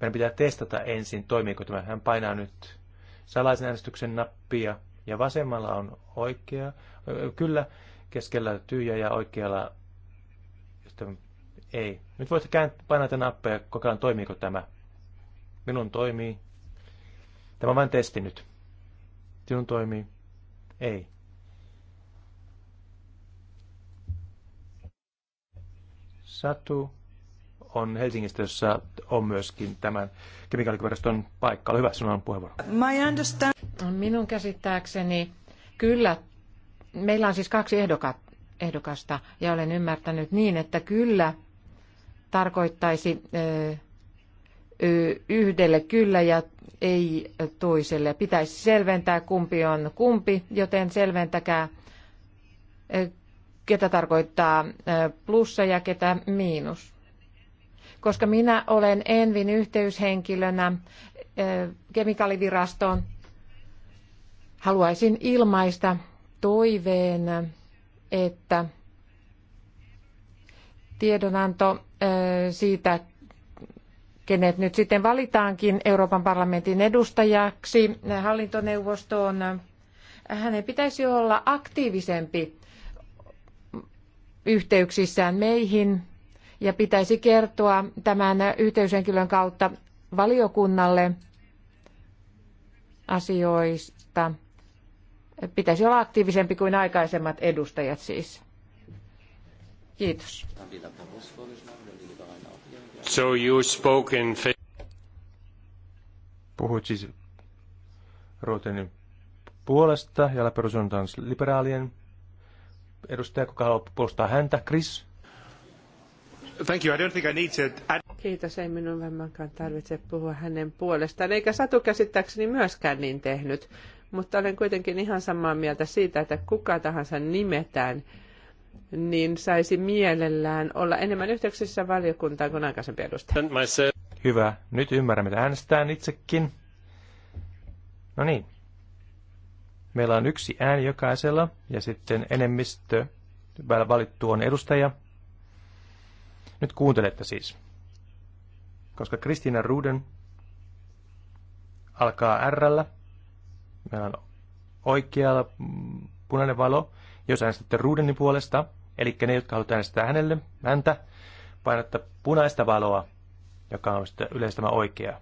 Meidän pitää testata ensin, toimiiko tämä. Hän painaa nyt salaisen äänestyksen nappia ja vasemmalla on oikea, kyllä, keskellä tyhjä ja oikealla ei. Nyt voit painaa tämän nappeja ja kokeilla, toimiiko tämä. Minun toimii. Tämä on vain testi nyt. Sinun toimii. Ei. Satu on Helsingistä, jossa on myöskin tämän kemikaalikuvaraston paikka. Ole hyvä, sinulla on puheenvuoro. My understand. No, minun käsittääkseni kyllä, meillä on siis kaksi ehdokat, ehdokasta ja olen ymmärtänyt niin, että kyllä tarkoittaisi yhdelle kyllä ja ei toiselle. Pitäisi selventää kumpi on kumpi, joten selventäkää ketä tarkoittaa plussa ja ketä miinus koska minä olen Envin yhteyshenkilönä kemikaalivirastoon. Haluaisin ilmaista toiveen, että tiedonanto siitä, kenet nyt sitten valitaankin Euroopan parlamentin edustajaksi hallintoneuvostoon, hänen pitäisi olla aktiivisempi yhteyksissään meihin ja pitäisi kertoa tämän yhteyshenkilön kautta valiokunnalle asioista. Pitäisi olla aktiivisempi kuin aikaisemmat edustajat siis. Kiitos. So you spoke in Puhuit siis Ruotenin puolesta ja Laperusontaan liberaalien edustaja, kuka haluaa puolustaa häntä, Chris. Kiitos, ei minun varmaankaan tarvitse puhua hänen puolestaan, eikä Satu käsittääkseni myöskään niin tehnyt. Mutta olen kuitenkin ihan samaa mieltä siitä, että kuka tahansa nimetään, niin saisi mielellään olla enemmän yhteyksissä valiokuntaan kuin aikaisempi edustaja. Hyvä. Nyt ymmärrän, mitä äänestetään itsekin. No niin. Meillä on yksi ääni jokaisella ja sitten enemmistö valittu on edustaja nyt kuuntelette siis. Koska Kristiina Ruden alkaa r meillä on oikealla punainen valo. Jos äänestätte Rudenin puolesta, eli ne, jotka haluavat äänestää hänelle, häntä, painatte punaista valoa, joka on sitten yleensä tämä oikea.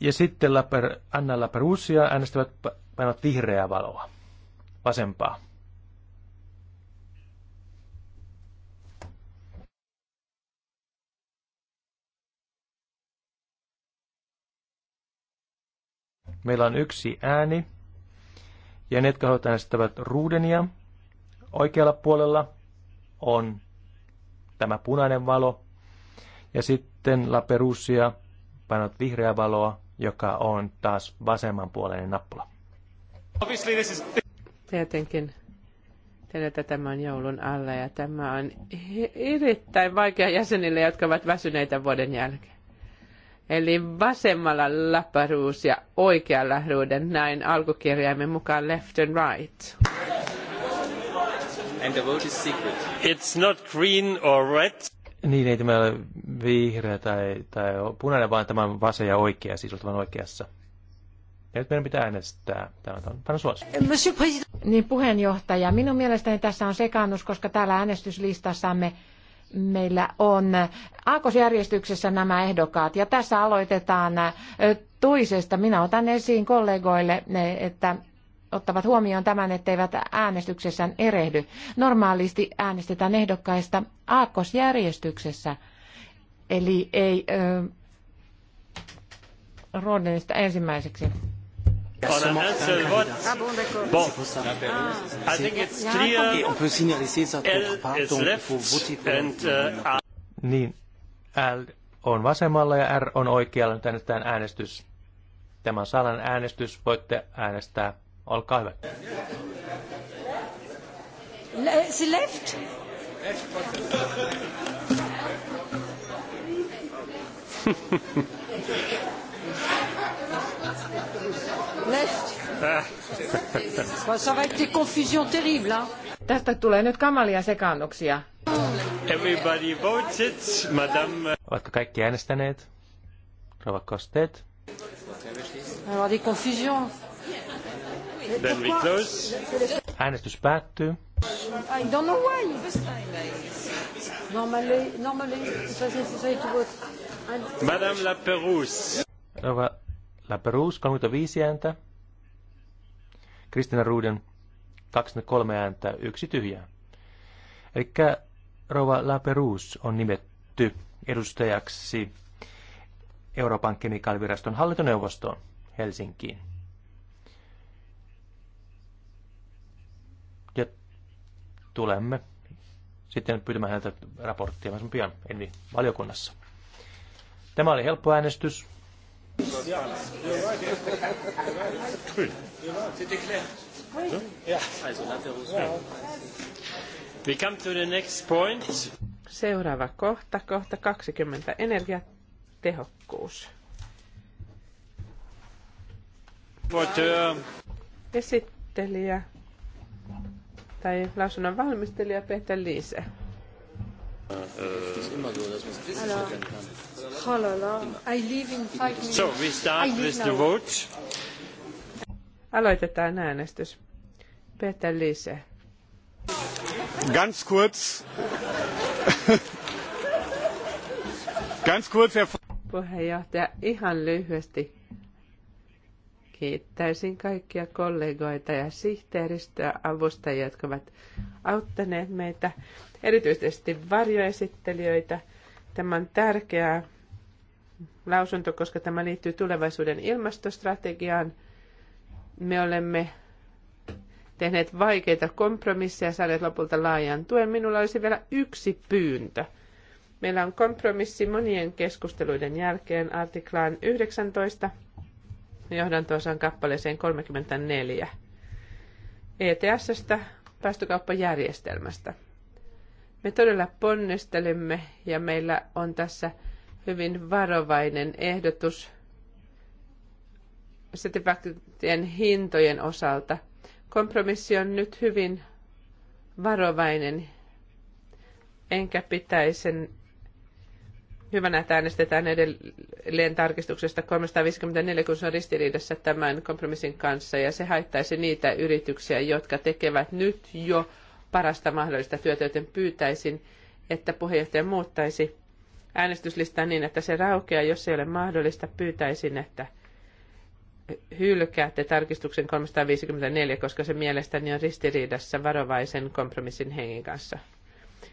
Ja sitten Anna Laperusia äänestävät painavat vihreää valoa, vasempaa. Meillä on yksi ääni. Ja ne, jotka haluavat ruudenia, oikealla puolella on tämä punainen valo. Ja sitten La Perusia painat vihreää valoa, joka on taas vasemmanpuoleinen nappula. Tietenkin tiedän, tämän joulun alla ja tämä on erittäin vaikea jäsenille, jotka ovat väsyneitä vuoden jälkeen. Eli vasemmalla laparuus ja oikealla ruuden näin alkukirjaimen mukaan left and right. And the vote is secret. It's not green or red. Niin, ei tämä ole vihreä tai, tai punainen, vaan tämä on vasen ja oikea, siis olevan oikeassa. Ja nyt meidän pitää äänestää. Tämä on Pano Suos. Niin, puheenjohtaja, minun mielestäni tässä on sekaannus, koska täällä äänestyslistassamme meillä on aakkosjärjestyksessä nämä ehdokkaat ja tässä aloitetaan tuisesta. Minä otan esiin kollegoille, että ottavat huomioon tämän, etteivät äänestyksessään erehdy. Normaalisti äänestetään ehdokkaista aakkosjärjestyksessä, eli ei Rodenista ensimmäiseksi. On a un seul vote. Ah bon, d'accord. Bon. I think it's ah. on peut ça quelque part, donc il faut voter pour and, uh, Niin, L on vasemmalla ja R on oikealla. Nyt äänestetään äänestys. Tämä on salan äänestys. Voitte äänestää. Olkaa hyvä. Se left? Left. Tästä tulee nyt kamalia sekaannuksia. Everybody votes it, madame. Ovatko kaikki äänestäneet? Rova Kosteet. Alors des confusions. Then we close. Äänestys päättyy. I don't know why. Normally, normally, ça c'est ça et tout. Madame la Perouse. Rova Laperus 35 ääntä. Kristina Ruuden 23 ääntä, yksi tyhjää. Eli La Laperus on nimetty edustajaksi Euroopan kemikaaliviraston hallintoneuvostoon Helsinkiin. Ja tulemme sitten pyytämään häneltä raporttia mahdollisimman pian, eli valiokunnassa. Tämä oli helppo äänestys. We come to the next point. Seuraava kohta, kohta 20, energiatehokkuus. But, uh... Esittelijä tai lausunnon valmistelija Peter Liise. Aloitetaan äänestys. Peter Lise. Ganz kurz. Ganz kurz, Herr... Puheenjohtaja, ihan lyhyesti. Kiittäisin kaikkia kollegoita ja sihteeristöä, avustajia, jotka ovat auttaneet meitä, erityisesti varjoesittelijöitä. Tämä on tärkeää lausunto, koska tämä liittyy tulevaisuuden ilmastostrategiaan. Me olemme tehneet vaikeita kompromisseja, saaneet lopulta laajan tuen. Minulla olisi vielä yksi pyyntö. Meillä on kompromissi monien keskusteluiden jälkeen artiklaan 19 johdantoosan kappaleeseen 34 ETS-stä, päästökauppajärjestelmästä. Me todella ponnistelemme ja meillä on tässä hyvin varovainen ehdotus sertifikaatien hintojen osalta. Kompromissi on nyt hyvin varovainen, enkä pitäisi hyvänä, että äänestetään edelleen tarkistuksesta 354, kun se on ristiriidassa tämän kompromissin kanssa, ja se haittaisi niitä yrityksiä, jotka tekevät nyt jo parasta mahdollista työtä, joten pyytäisin, että puheenjohtaja muuttaisi äänestyslistaa niin, että se raukeaa, jos ei ole mahdollista, pyytäisin, että hylkäätte tarkistuksen 354, koska se mielestäni on ristiriidassa varovaisen kompromissin hengen kanssa.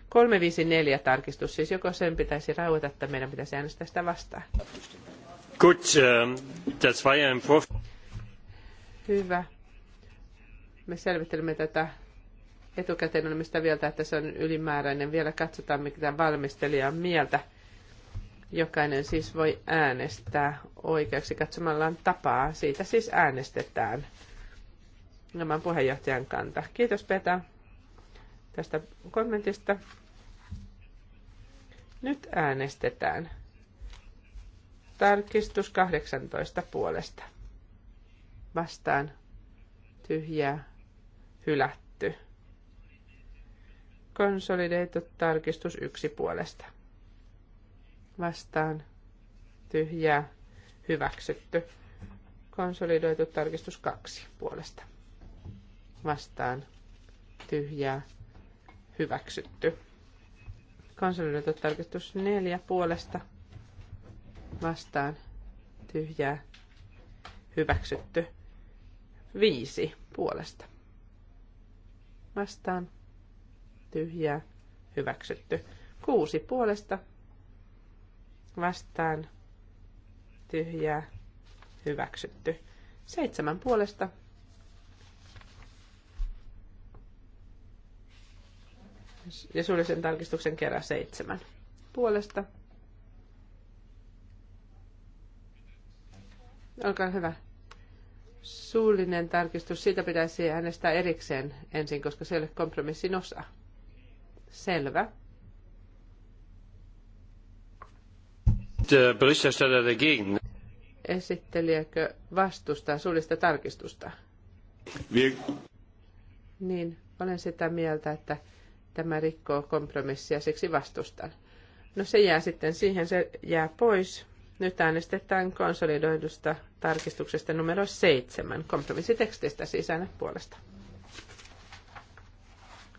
354 tarkistus, siis joko sen pitäisi rauhoita, että meidän pitäisi äänestää sitä vastaan. Gut, ähm, das war ja im Hyvä. Me selvittelemme tätä etukäteen olemme vielä, että se on ylimääräinen. Vielä katsotaan, mitä valmistelija on mieltä. Jokainen siis voi äänestää oikeaksi katsomallaan tapaa. Siitä siis äänestetään. Nämä on puheenjohtajan kanta. Kiitos Petä tästä kommentista. Nyt äänestetään. Tarkistus 18 puolesta. Vastaan tyhjää hylätty. Konsolideitu tarkistus 1 puolesta. Vastaan tyhjää hyväksytty. Konsolidoitu tarkistus 2 puolesta. Vastaan tyhjää hyväksytty. Kansallinen tarkistus neljä puolesta vastaan tyhjää hyväksytty. Viisi puolesta vastaan tyhjää hyväksytty. Kuusi puolesta vastaan tyhjää hyväksytty. Seitsemän puolesta ja suullisen tarkistuksen kerran seitsemän puolesta. Olkaa hyvä. Suullinen tarkistus, siitä pitäisi äänestää erikseen ensin, koska se ei ole kompromissin osa. Selvä. Er Esittelijäkö vastustaa suullista tarkistusta? Niin, olen sitä mieltä, että tämä rikkoo kompromissia, siksi vastustan. No se jää sitten siihen, se jää pois. Nyt äänestetään konsolidoidusta tarkistuksesta numero seitsemän, kompromissitekstistä sisään puolesta.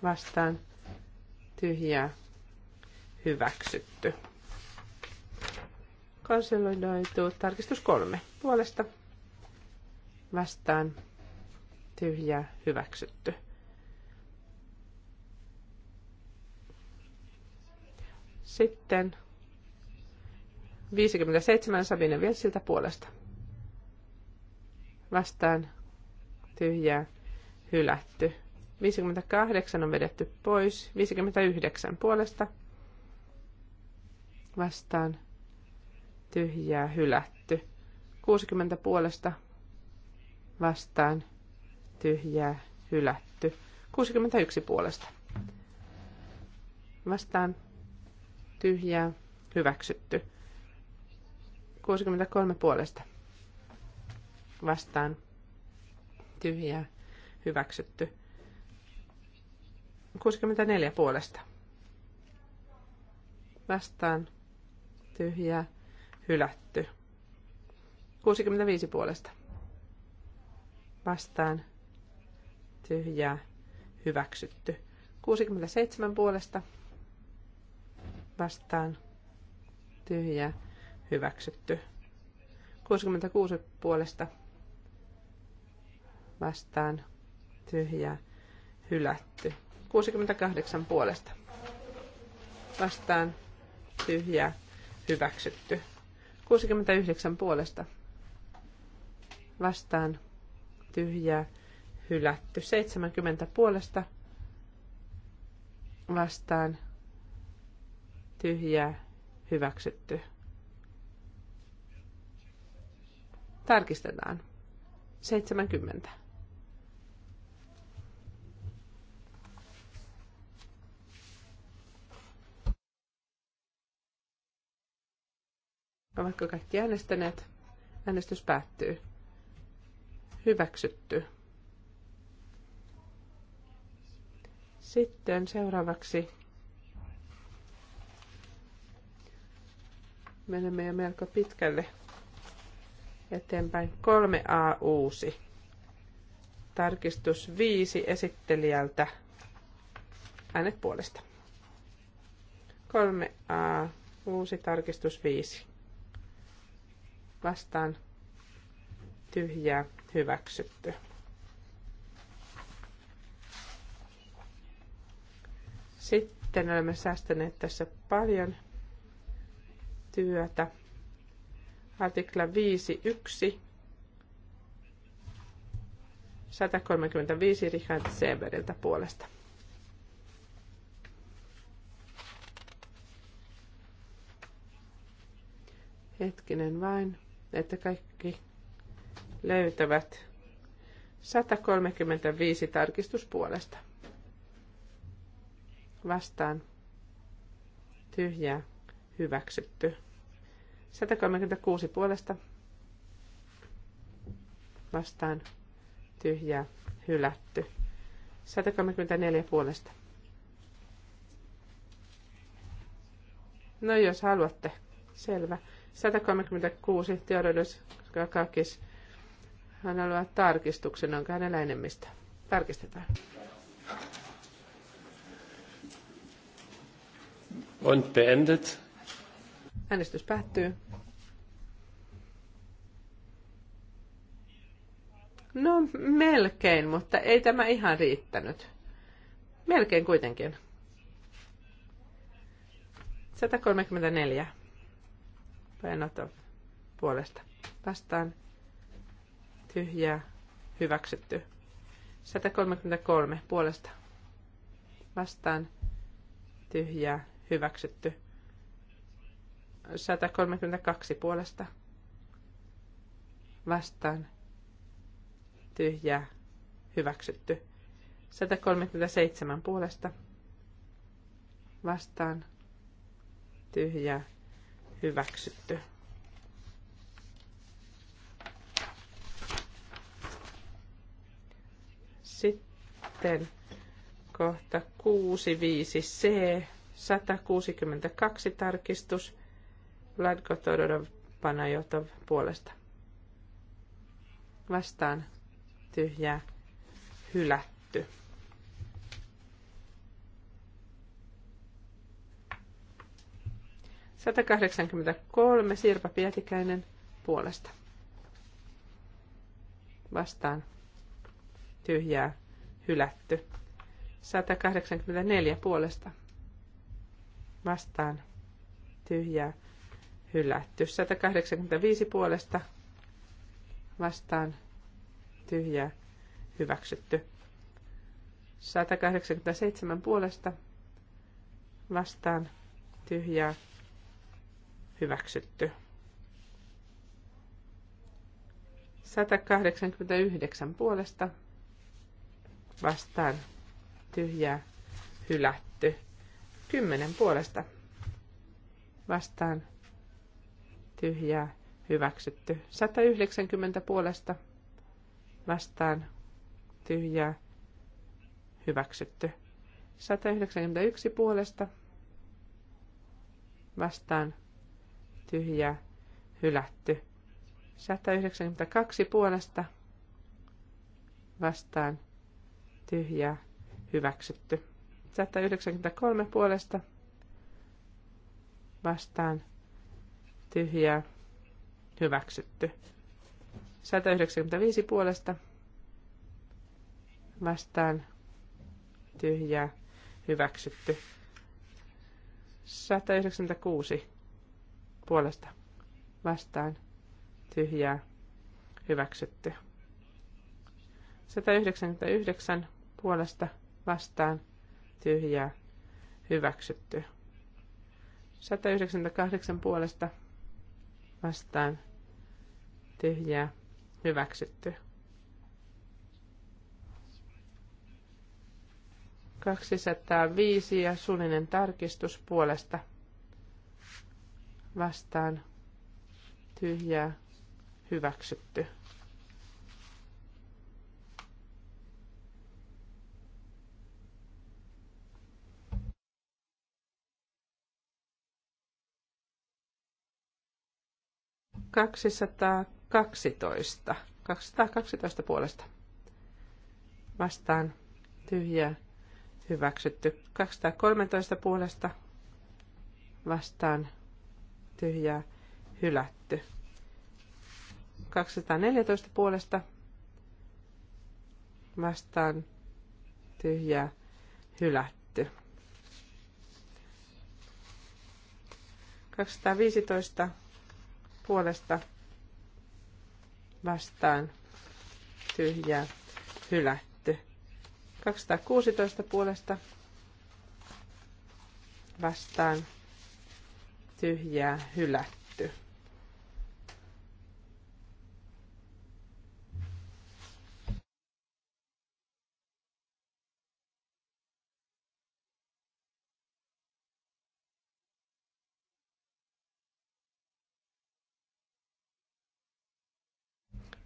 Vastaan tyhjää hyväksytty. Konsolidoitu tarkistus kolme puolesta. Vastaan tyhjää hyväksytty. Sitten 57 vielä siltä puolesta. Vastaan tyhjää hylätty. 58 on vedetty pois. 59 puolesta vastaan tyhjää hylätty. 60 puolesta vastaan tyhjää hylätty. 61 puolesta vastaan tyhjää, hyväksytty. 63 puolesta vastaan, tyhjää, hyväksytty. 64 puolesta vastaan, tyhjää, hylätty. 65 puolesta vastaan, tyhjää, hyväksytty. 67 puolesta vastaan tyhjää hyväksytty. 66 puolesta vastaan tyhjää hylätty. 68 puolesta vastaan tyhjää hyväksytty. 69 puolesta vastaan tyhjää hylätty. 70 puolesta vastaan tyhjää, hyväksytty. Tarkistetaan. 70. Ovatko kaikki äänestäneet? Äänestys päättyy. Hyväksytty. Sitten seuraavaksi Menemme jo melko pitkälle eteenpäin. 3a uusi. Tarkistus 5 esittelijältä. Äänet puolesta. 3a uusi tarkistus 5. Vastaan tyhjää hyväksytty. Sitten olemme säästäneet tässä paljon työtä. Artikla 5.1. 135 Richard Seberiltä puolesta. Hetkinen vain, että kaikki löytävät 135 tarkistuspuolesta. Vastaan. Tyhjää hyväksytty. 136 puolesta vastaan tyhjää hylätty. 134 puolesta. No jos haluatte, selvä. 136 Theodoros Kakakis. Hän haluaa tarkistuksen, onko hänellä enemmistö. Tarkistetaan. Und beendet. Äänestys päättyy. No melkein, mutta ei tämä ihan riittänyt. Melkein kuitenkin. 134. Pajanotov puolesta. Vastaan. Tyhjää. Hyväksytty. 133 puolesta. Vastaan. Tyhjää. Hyväksytty. 132 puolesta vastaan tyhjää hyväksytty. 137 puolesta vastaan tyhjää hyväksytty. Sitten kohta 65c, 162 tarkistus Vladko Todorov Panajotov puolesta. Vastaan tyhjää hylätty. kolme Sirpa Pietikäinen puolesta. Vastaan tyhjää hylätty. 184 puolesta vastaan tyhjää hylätty. 185 puolesta vastaan tyhjää hyväksytty. 187 puolesta vastaan tyhjää hyväksytty. 189 puolesta vastaan tyhjää hylätty. 10 puolesta vastaan tyhjää hyväksytty. 190 puolesta vastaan tyhjää hyväksytty. 191 puolesta vastaan tyhjää hylätty. 192 puolesta vastaan tyhjää hyväksytty. 193 puolesta vastaan tyhjää, hyväksytty. 195 puolesta vastaan tyhjää, hyväksytty. 196 puolesta vastaan tyhjää, hyväksytty. 199 puolesta vastaan tyhjää, hyväksytty. 198 puolesta vastaan tyhjää hyväksytty. viisi ja suullinen tarkistus puolesta vastaan tyhjää hyväksytty. 212. 212 puolesta. Vastaan tyhjää hyväksytty. 213 puolesta vastaan tyhjää hylätty. 214 puolesta vastaan tyhjää hylätty. 215 puolesta vastaan tyhjää hylätty. 216 puolesta vastaan tyhjää hylätty.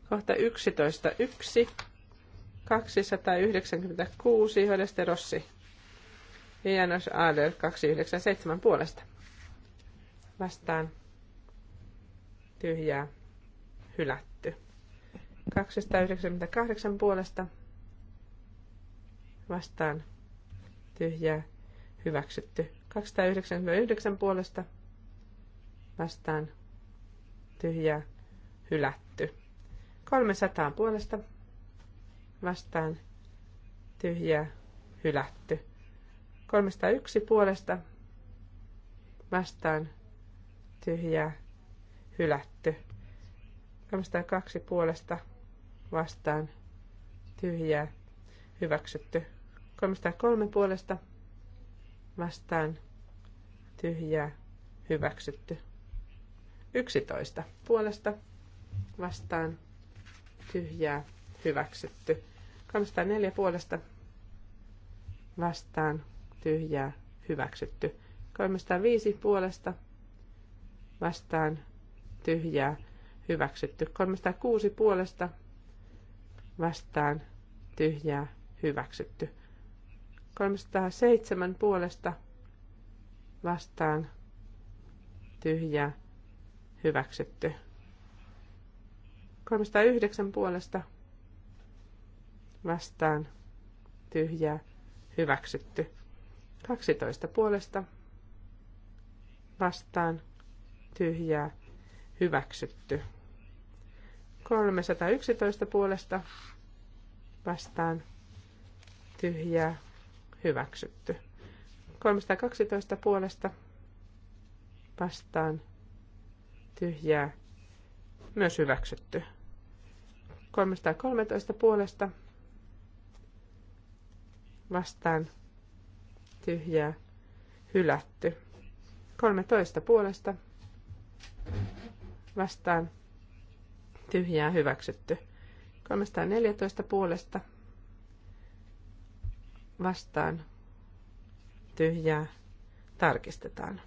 Kohta 11.1. 296 Hödeste Rossi ja Janos Adler 297 puolesta. Vastaan tyhjää hylätty. 298 puolesta vastaan tyhjää hyväksytty. 299 puolesta vastaan tyhjää hylätty. 300 puolesta vastaan tyhjää hylätty. 301 puolesta vastaan tyhjää hylätty. 302 puolesta vastaan tyhjää hyväksytty. 303 puolesta vastaan tyhjää hyväksytty. 11 puolesta vastaan tyhjää hyväksytty. 304 puolesta vastaan tyhjää hyväksytty. 305 puolesta vastaan tyhjää hyväksytty. 306 puolesta vastaan tyhjää hyväksytty. 307 puolesta vastaan tyhjää hyväksytty. 309 puolesta vastaan tyhjää hyväksytty. 12 puolesta vastaan tyhjää hyväksytty. 311 puolesta vastaan tyhjää hyväksytty. 312 puolesta vastaan tyhjää myös hyväksytty. 313 puolesta vastaan tyhjää hylätty. 13 puolesta vastaan tyhjää hyväksytty. 314 puolesta vastaan tyhjää tarkistetaan.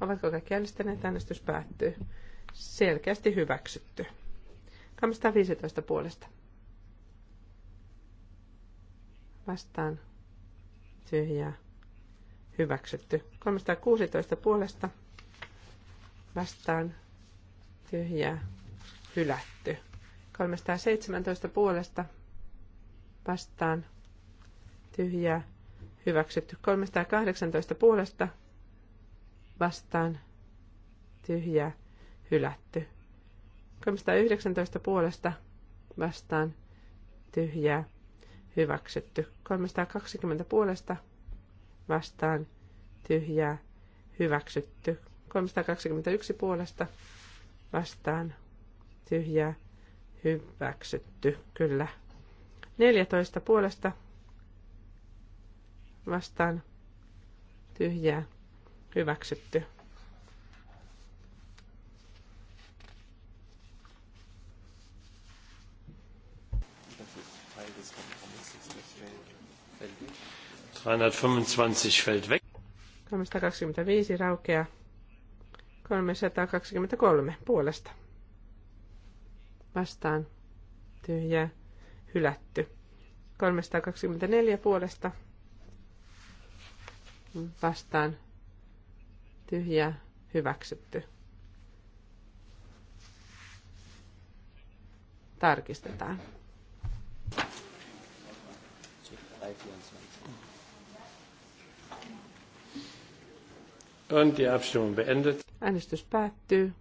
Ovatko kaikki äänestäneet? Äänestys päättyy. Selkeästi hyväksytty. 215 puolesta. Vastaan. Tyhjää. Hyväksytty. 316 puolesta. Vastaan. Tyhjää. Hylätty. 317 puolesta. Vastaan. Tyhjää. Hyväksytty. 318 puolesta vastaan tyhjä, hylätty. 319 puolesta vastaan tyhjä hyväksytty. 320 puolesta vastaan tyhjä hyväksytty. 321 puolesta vastaan tyhjä hyväksytty. Kyllä. 14 puolesta vastaan tyhjää Hyväksytty. fällt weg. 325 raukeaa. 323 puolesta. Vastaan. Tyhjää. Hylätty. 324 puolesta. Vastaan tyhjä hyväksytty. Tarkistetaan. Und die Abstimmung beendet. Äänestys päättyy.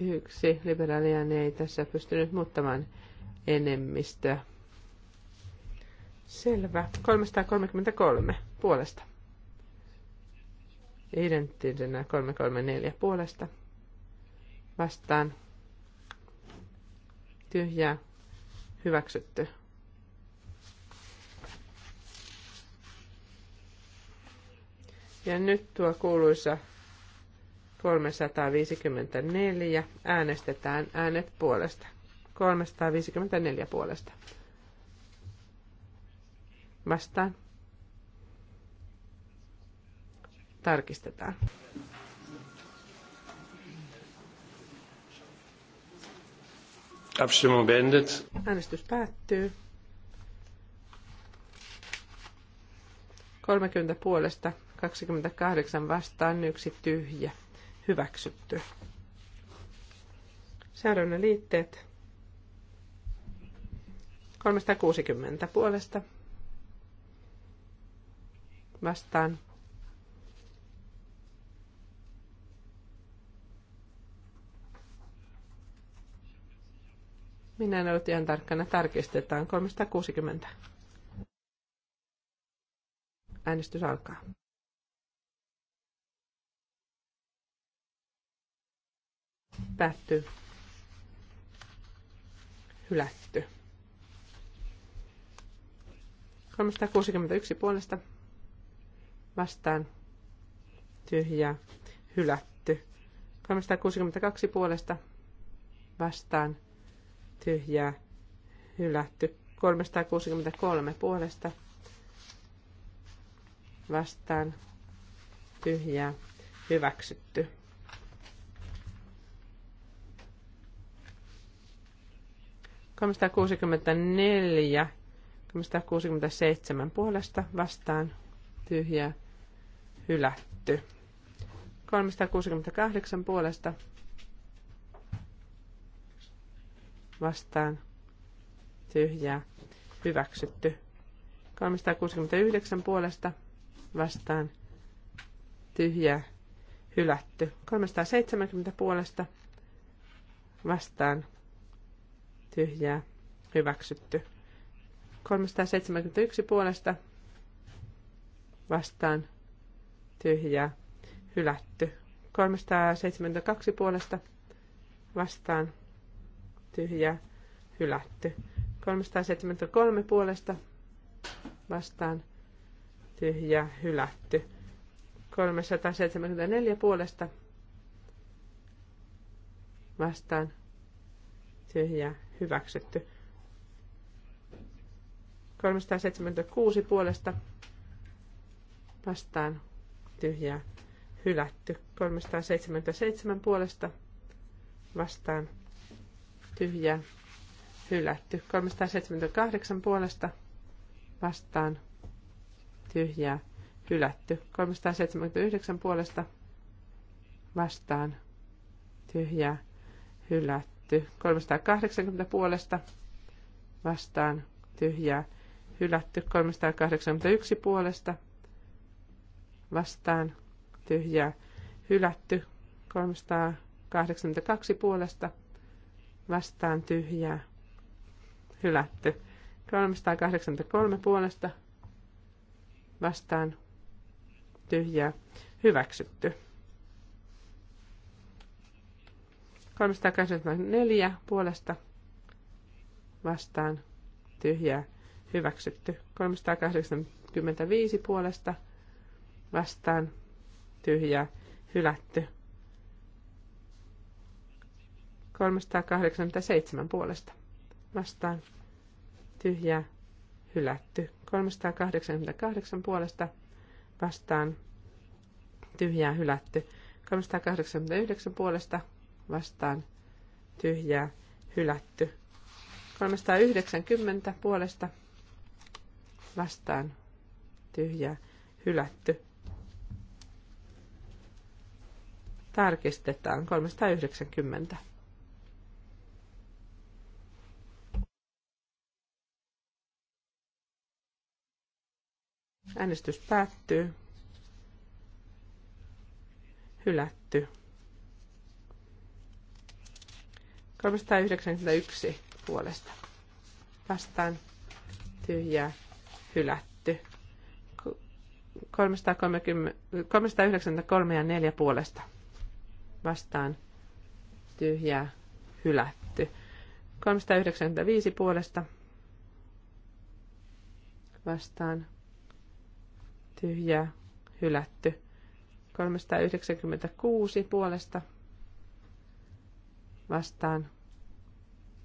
Yksi liberaalia ei tässä pystynyt muuttamaan enemmistö. Selvä. 333 puolesta. Identtisenä 334 puolesta. Vastaan. Tyhjää. Hyväksytty. Ja nyt tuo kuuluisa 354 äänestetään äänet puolesta. 354 puolesta. Vastaan. Tarkistetaan. Äänestys päättyy. 30 puolesta, 28 vastaan, yksi tyhjä. Hyväksytty. Seuraavana liitteet 360 puolesta vastaan. Minä en ollut ihan tarkkana. Tarkistetaan 360. Äänestys alkaa. Päättyy. Hylätty. 361 puolesta vastaan tyhjää hylätty. 362 puolesta vastaan tyhjää hylätty. 363 puolesta vastaan tyhjää hyväksytty. neljä 367 puolesta vastaan tyhjä hylätty. 368 puolesta vastaan tyhjää hyväksytty. 369 puolesta vastaan tyhjää hylätty. 370 puolesta vastaan tyhjää hyväksytty. 371 puolesta vastaan tyhjää hylätty. 372 puolesta vastaan tyhjää hylätty. 373 puolesta vastaan tyhjää hylätty. 374 puolesta vastaan tyhjää hyväksytty. 376 puolesta vastaan tyhjää hylätty. 377 puolesta vastaan tyhjää hylätty. 378 puolesta vastaan tyhjää hylätty. 379 puolesta vastaan tyhjää hylätty. 380 puolesta vastaan tyhjää hylätty hylätty 381 puolesta vastaan tyhjää hylätty 382 puolesta vastaan tyhjää hylätty 383 puolesta vastaan tyhjää hyväksytty 384 puolesta vastaan tyhjää hyväksytty. 385 puolesta vastaan tyhjää hylätty. 387 puolesta vastaan tyhjää hylätty. 388 puolesta vastaan tyhjää hylätty. 389 puolesta vastaan tyhjää hylätty. 390 puolesta vastaan tyhjää hylätty. Tarkistetaan 390. Äänestys päättyy. Hylätty. 391 puolesta. Vastaan tyhjää hylätty. 330, 393 ja 4 puolesta vastaan tyhjää hylätty. 395 puolesta vastaan tyhjää hylätty. 396 puolesta vastaan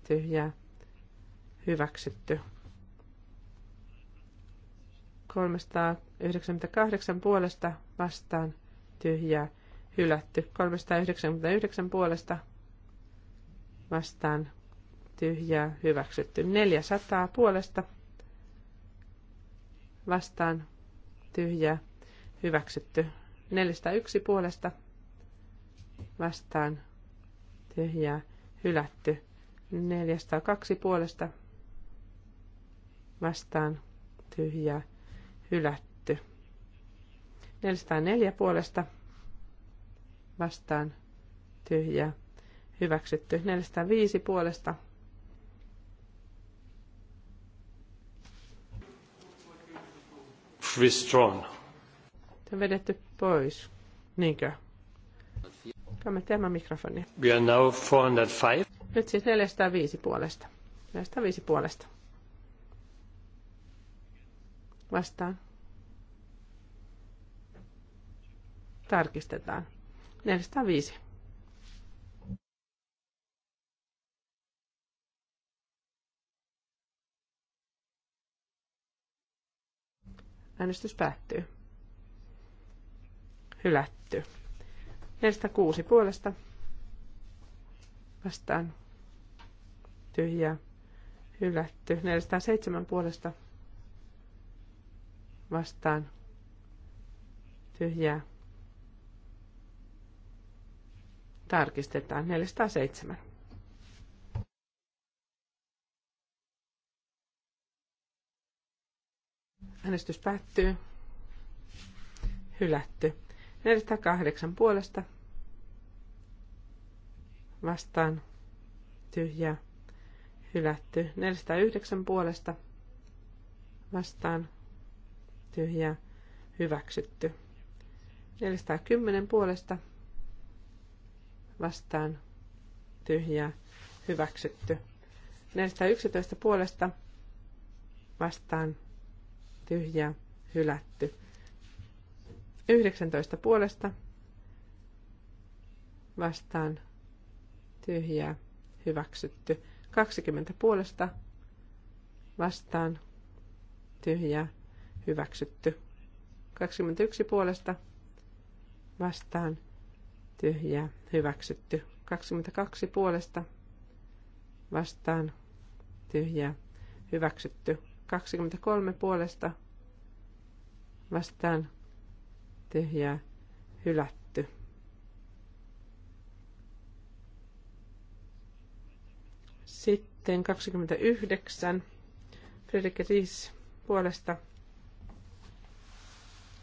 tyhjää hyväksytty. 398 puolesta vastaan tyhjää hylätty. 399 puolesta vastaan tyhjää hyväksytty. 400 puolesta vastaan tyhjää hyväksytty. 401 puolesta vastaan tyhjää hylätty. 402 puolesta vastaan tyhjää hylätty. 404 puolesta vastaan tyhjä hyväksytty. 405 puolesta withdrawn. Se on vedetty pois, niinkö? Kamme tämä mikrofoni. We are now 405. Nyt siis 405 puolesta. 405 puolesta vastaan. Tarkistetaan. 405. Äänestys päättyy. Hylätty. 406 puolesta. Vastaan. Tyhjää. Hylätty. 407 puolesta vastaan tyhjää. Tarkistetaan 407. Äänestys päättyy. Hylätty. 408 puolesta. Vastaan. Tyhjää. Hylätty. 409 puolesta. Vastaan ja hyväksytty. 410 puolesta vastaan tyhjää hyväksytty. 411 puolesta vastaan tyhjää hylätty. 19 puolesta vastaan tyhjää hyväksytty. 20 puolesta vastaan tyhjää hyväksytty. 21 puolesta vastaan tyhjää hyväksytty. 22 puolesta vastaan tyhjää hyväksytty. 23 puolesta vastaan tyhjää hylätty. Sitten 29 Fredrik Riis puolesta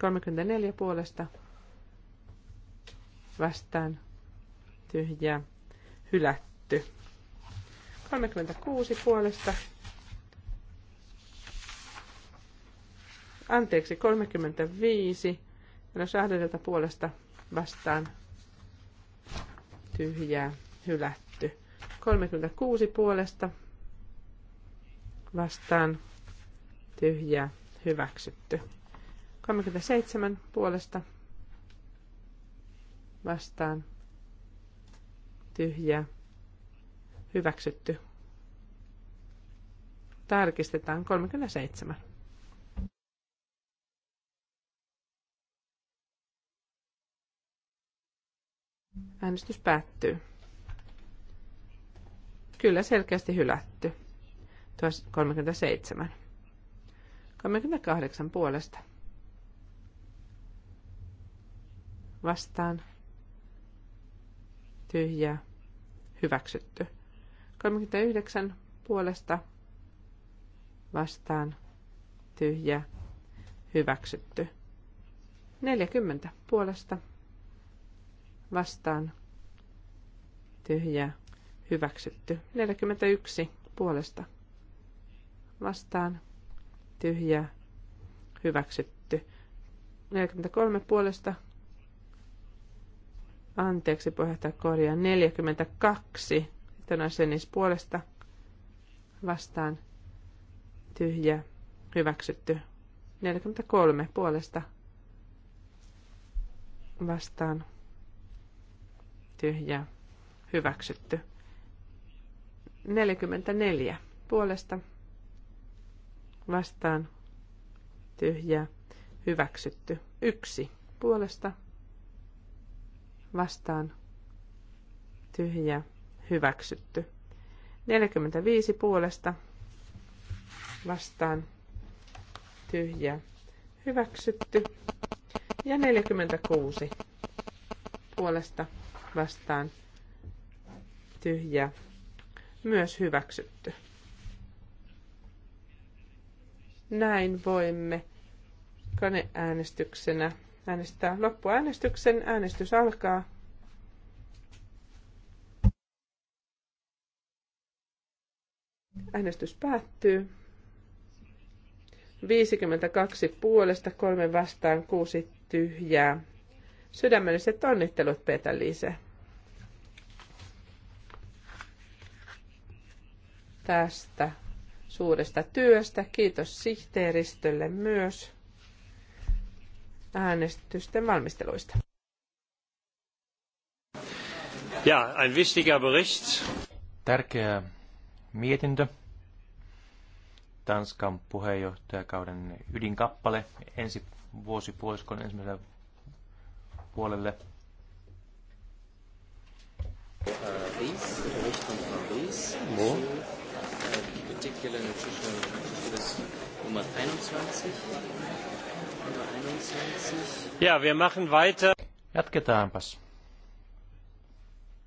34 puolesta vastaan tyhjää hylätty. 36 puolesta. Anteeksi, 35. No Sahdelta puolesta vastaan tyhjää hylätty. 36 puolesta vastaan tyhjää hyväksytty. 37 puolesta vastaan tyhjä hyväksytty. Tarkistetaan 37. Äänestys päättyy. Kyllä selkeästi hylätty. Tuo 37. 38 puolesta vastaan tyhjä hyväksytty. 39 puolesta vastaan tyhjä hyväksytty. 40 puolesta vastaan tyhjä hyväksytty. 41 puolesta vastaan tyhjä hyväksytty. 43 puolesta Anteeksi, puheenjohtaja korjaa. 42. Sitten on senis puolesta vastaan tyhjä hyväksytty. 43 puolesta vastaan tyhjä hyväksytty. 44 puolesta vastaan tyhjä hyväksytty. 1 puolesta vastaan vastaan tyhjä hyväksytty. 45 puolesta vastaan tyhjä hyväksytty. Ja 46 puolesta vastaan tyhjä myös hyväksytty. Näin voimme koneäänestyksenä äänestää loppuäänestyksen. Äänestys alkaa. Äänestys päättyy. 52 puolesta, kolme vastaan, kuusi tyhjää. Sydämelliset onnittelut, Petä Liise. Tästä suuresta työstä. Kiitos sihteeristölle myös äänestysten valmisteluista. Ja, ein wichtiger Bericht. Tärkeä mietintö. Tanskan puheenjohtajakauden ydinkappale ensi vuosipuoliskon ensimmäisellä puolelle. Uh, äh, 21. Ja, wir machen weiter. Jatketaanpas.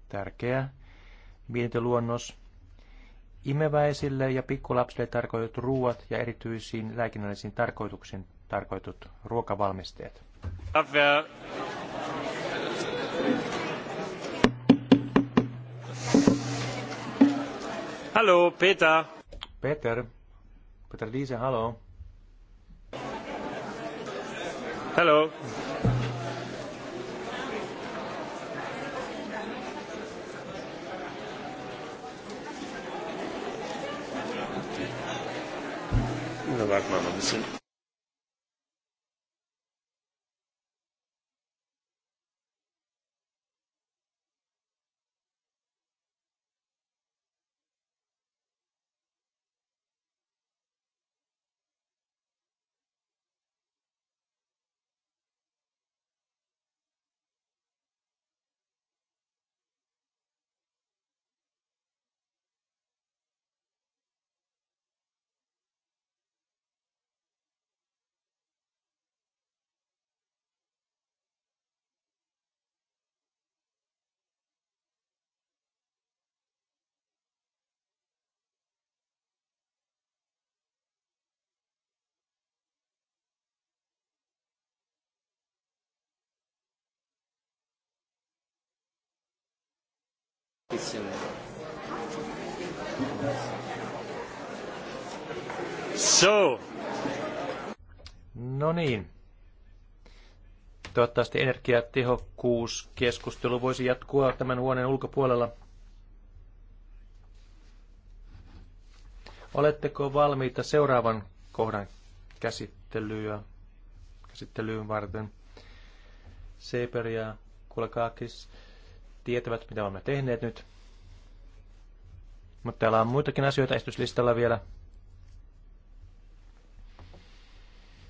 Tärkeä mietintöluonnos. Imeväisille ja pikkulapsille tarkoitetut ruuat ja erityisiin lääkinnällisiin tarkoituksiin tarkoitut ruokavalmisteet. Ja, Hallo, Peter. Peter. Peter Liise, hallo. Hello. Da no, warten ein bisschen. So. No niin. Toivottavasti energiatehokkuuskeskustelu voisi jatkua tämän huoneen ulkopuolella. Oletteko valmiita seuraavan kohdan käsittelyä, käsittelyyn varten? Seper ja tietävät, mitä olemme tehneet nyt. Mutta täällä on muitakin asioita estyslistalla vielä.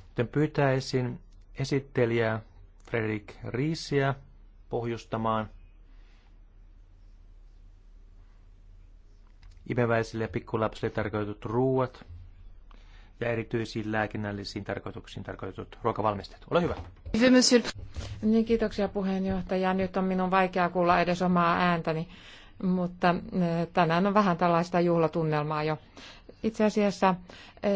Joten pyytäisin esittelijää Fredrik Riisiä pohjustamaan imeväisille ja pikkulapsille tarkoitut ruuat – ja erityisiin lääkinnällisiin tarkoituksiin tarkoitetut ruokavalmisteet. Ole hyvä. Niin, kiitoksia puheenjohtaja. Nyt on minun vaikea kuulla edes omaa ääntäni, mutta eh, tänään on vähän tällaista juhlatunnelmaa jo. Itse asiassa eh,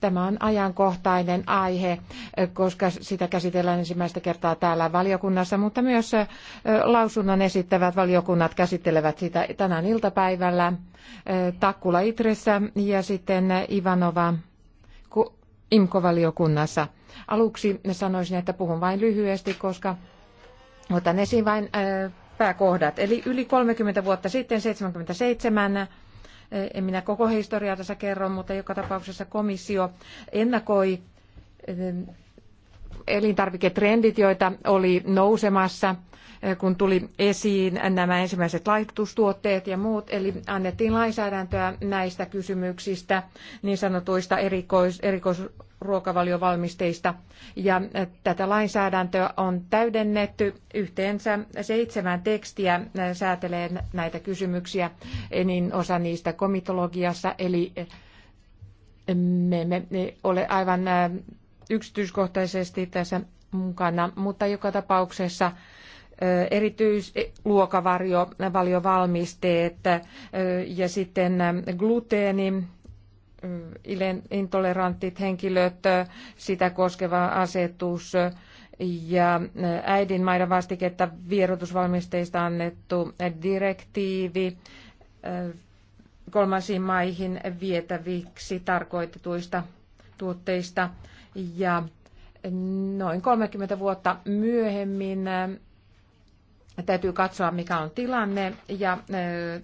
tämä on ajankohtainen aihe, eh, koska sitä käsitellään ensimmäistä kertaa täällä valiokunnassa, mutta myös lausunnon esittävät valiokunnat käsittelevät sitä tänään iltapäivällä Takkula Itressä ja sitten Ivanova IMKO-valiokunnassa. Aluksi sanoisin, että puhun vain lyhyesti, koska otan esiin vain äh, pääkohdat. Eli yli 30 vuotta sitten, 77, äh, en minä koko historiaa tässä kerro, mutta joka tapauksessa komissio ennakoi äh, elintarviketrendit, joita oli nousemassa, eh, kun tuli esiin nämä ensimmäiset laitustuotteet ja muut, eli annettiin lainsäädäntöä näistä kysymyksistä, niin sanotuista erikois, erikoisruokavaliovalmisteista. Ja eh, tätä lainsäädäntöä on täydennetty yhteensä seitsemän tekstiä eh, säätelee näitä kysymyksiä, enin osa niistä komitologiassa, eli me emme ole aivan yksityiskohtaisesti tässä mukana, mutta joka tapauksessa erityisluokavaliovalmisteet ja sitten gluteeni, intoleranttit henkilöt, sitä koskeva asetus ja äidinmaidon vastiketta vierotusvalmisteista annettu direktiivi kolmansiin maihin vietäviksi tarkoitetuista tuotteista – ja noin 30 vuotta myöhemmin äh, täytyy katsoa, mikä on tilanne. Ja äh,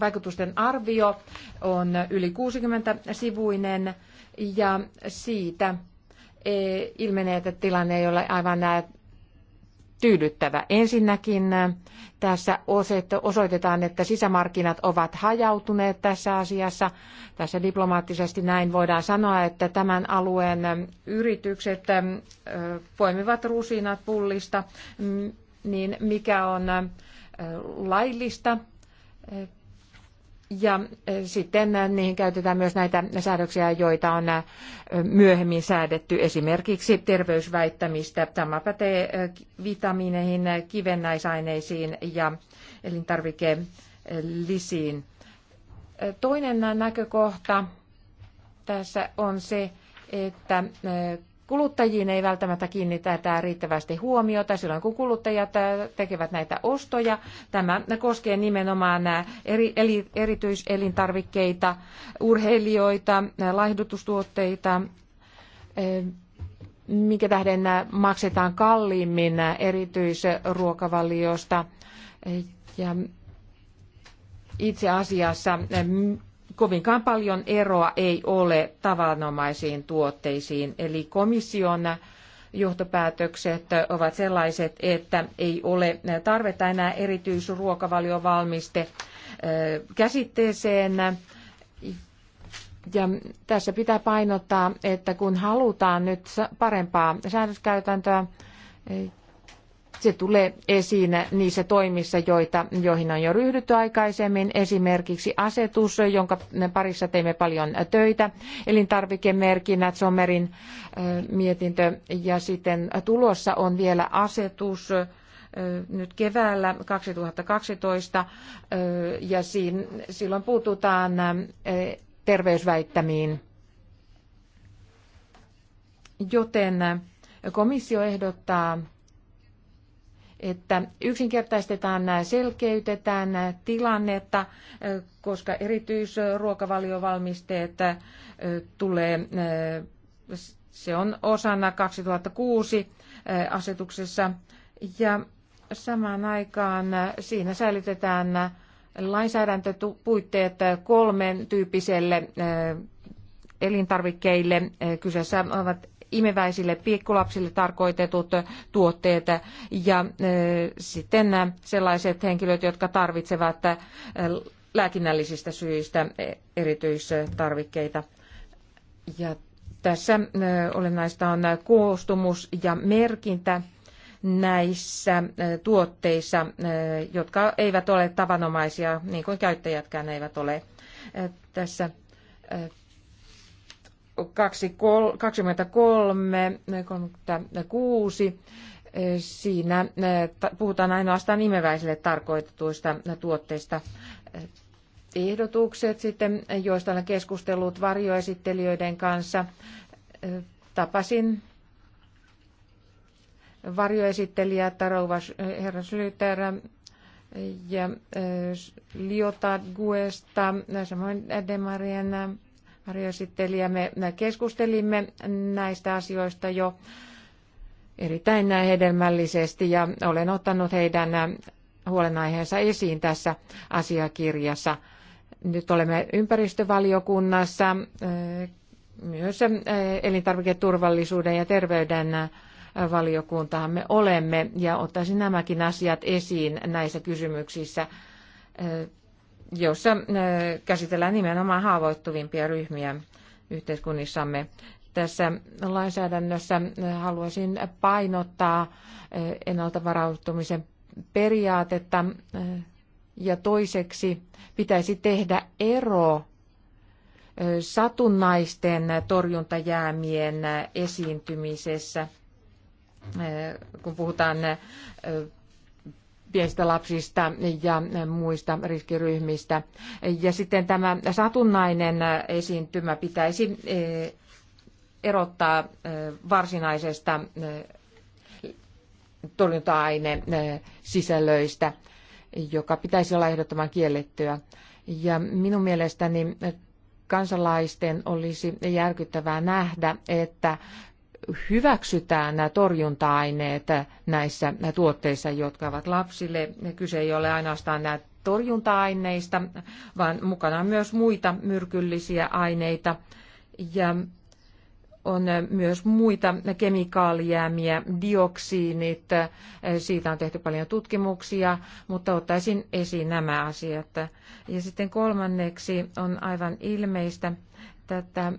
vaikutusten arvio on yli 60-sivuinen ja siitä äh, ilmenee, että tilanne ei ole aivan tyydyttävä. Ensinnäkin tässä osoitetaan, että sisämarkkinat ovat hajautuneet tässä asiassa. Tässä diplomaattisesti näin voidaan sanoa, että tämän alueen yritykset poimivat rusinat pullista, niin mikä on laillista ja sitten niihin käytetään myös näitä säädöksiä, joita on myöhemmin säädetty, esimerkiksi terveysväittämistä. Tämä pätee vitamiineihin, kivennäisaineisiin ja elintarvikelisiin. Toinen näkökohta tässä on se, että kuluttajiin ei välttämättä kiinnitetä riittävästi huomiota silloin, kun kuluttajat tekevät näitä ostoja. Tämä koskee nimenomaan eri, eli, erityiselintarvikkeita, urheilijoita, laihdutustuotteita, minkä tähden maksetaan kalliimmin erityisruokavaliosta. Ja itse asiassa kovinkaan paljon eroa ei ole tavanomaisiin tuotteisiin. Eli komission johtopäätökset ovat sellaiset, että ei ole tarvetta enää erityisruokavaliovalmiste käsitteeseen. Ja tässä pitää painottaa, että kun halutaan nyt parempaa säädöskäytäntöä se tulee esiin niissä toimissa, joita, joihin on jo ryhdytty aikaisemmin, esimerkiksi asetus, jonka parissa teimme paljon töitä, elintarvikemerkinnät, Somerin mietintö ja sitten tulossa on vielä asetus nyt keväällä 2012 ja siinä, silloin puututaan terveysväittämiin. Joten komissio ehdottaa että yksinkertaistetaan, selkeytetään tilannetta, koska erityisruokavaliovalmisteet tulee, se on osana 2006 asetuksessa ja samaan aikaan siinä säilytetään lainsäädäntöpuitteet kolmen tyyppiselle elintarvikkeille. Kyseessä ovat imeväisille pikkulapsille tarkoitetut tuotteet ja sitten sellaiset henkilöt, jotka tarvitsevat lääkinnällisistä syistä erityistarvikkeita. Ja tässä olennaista on koostumus ja merkintä näissä tuotteissa, jotka eivät ole tavanomaisia, niin kuin käyttäjätkään eivät ole. Tässä 23, 36. Siinä eh, puhutaan ainoastaan nimeväisille tarkoitetuista tuotteista. Ehdotukset sitten, joista olen keskustellut varjoesittelijöiden kanssa. Tapasin varjoesittelijä Tarova herra Slyter ja eh, Liotard Guesta, samoin Demarien varjoesittelijämme keskustelimme näistä asioista jo erittäin hedelmällisesti ja olen ottanut heidän huolenaiheensa esiin tässä asiakirjassa. Nyt olemme ympäristövaliokunnassa myös elintarviketurvallisuuden ja terveyden valiokuntahan me olemme ja ottaisin nämäkin asiat esiin näissä kysymyksissä jossa äh, käsitellään nimenomaan haavoittuvimpia ryhmiä yhteiskunnissamme. Tässä lainsäädännössä äh, haluaisin painottaa äh, ennalta varautumisen periaatetta ja toiseksi pitäisi tehdä ero satunnaisten torjuntajäämien esiintymisessä, kun puhutaan pienistä lapsista ja muista riskiryhmistä. Ja sitten tämä satunnainen esiintymä pitäisi e, erottaa e, varsinaisesta e, torjunta-aine sisällöistä, joka pitäisi olla ehdottoman kiellettyä. Ja minun mielestäni kansalaisten olisi järkyttävää nähdä, että hyväksytään nämä torjunta-aineet näissä tuotteissa, jotka ovat lapsille. Kyse ei ole ainoastaan nämä torjunta-aineista, vaan mukana on myös muita myrkyllisiä aineita. Ja on myös muita kemikaalijäämiä, dioksiinit, siitä on tehty paljon tutkimuksia, mutta ottaisin esiin nämä asiat. Ja sitten kolmanneksi on aivan ilmeistä, tätä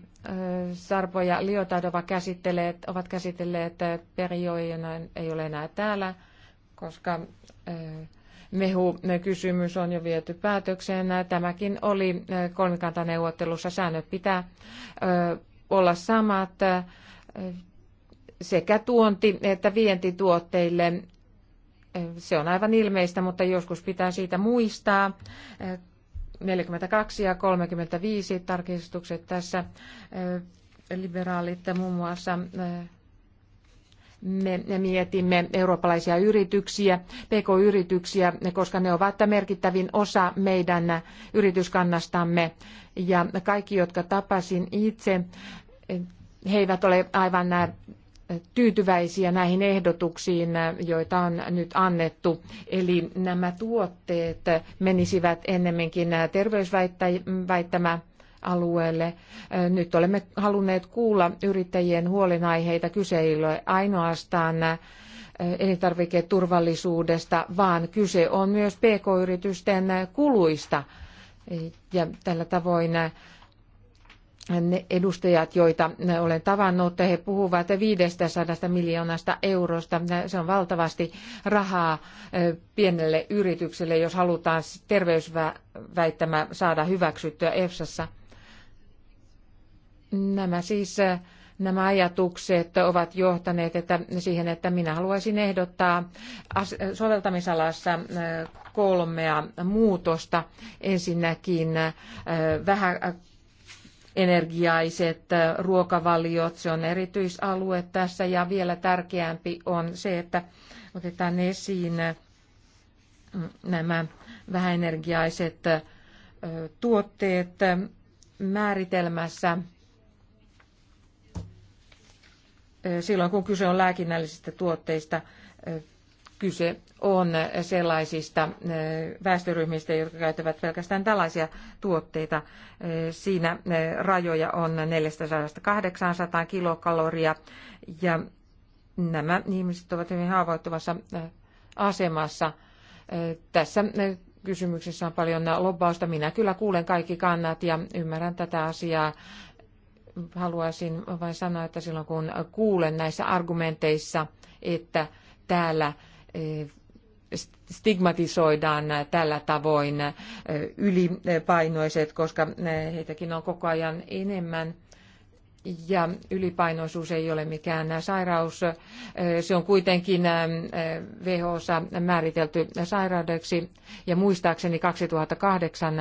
Sarpo ja Liotadova käsittelee, ovat käsitelleet perioina ei ole enää täällä, koska mehu kysymys on jo viety päätökseen. Tämäkin oli kolmikantaneuvottelussa. Säännöt pitää olla samat sekä tuonti- että vientituotteille. Se on aivan ilmeistä, mutta joskus pitää siitä muistaa, 42 ja 35 tarkistukset tässä. Liberaalit muun muassa me mietimme eurooppalaisia yrityksiä, pk-yrityksiä, koska ne ovat merkittävin osa meidän yrityskannastamme. Ja kaikki, jotka tapasin itse, he eivät ole aivan tyytyväisiä näihin ehdotuksiin, joita on nyt annettu. Eli nämä tuotteet menisivät ennemminkin terveysväittämä alueelle. Nyt olemme halunneet kuulla yrittäjien huolenaiheita. Kyse ei ole ainoastaan elintarviketurvallisuudesta, vaan kyse on myös pk-yritysten kuluista. Ja tällä tavoin ne edustajat, joita olen tavannut, he puhuvat 500 miljoonasta eurosta. Se on valtavasti rahaa pienelle yritykselle, jos halutaan terveysväittämä saada hyväksyttyä EFSassa. Nämä siis nämä ajatukset ovat johtaneet että, siihen, että minä haluaisin ehdottaa soveltamisalassa kolmea muutosta. Ensinnäkin vähän energiaiset äh, ruokavaliot, se on erityisalue tässä ja vielä tärkeämpi on se, että otetaan esiin äh, nämä vähäenergiaiset äh, tuotteet määritelmässä silloin, kun kyse on lääkinnällisistä tuotteista kyse on sellaisista eh, väestöryhmistä, jotka käyttävät pelkästään tällaisia tuotteita. Eh, siinä eh, rajoja on 400-800 kilokaloria ja nämä ihmiset ovat hyvin haavoittuvassa asemassa. Tässä kysymyksessä on paljon lobbausta. Minä kyllä kuulen kaikki kannat ja ymmärrän tätä asiaa. Haluaisin vain sanoa, että silloin kun kuulen näissä argumenteissa, että täällä Eh, stigmatisoidaan tällä tavoin eh, ylipainoiset, koska eh, heitäkin on koko ajan enemmän. Ja ylipainoisuus ei ole mikään sairaus. Se on kuitenkin WHOssa määritelty sairaudeksi. Ja muistaakseni 2008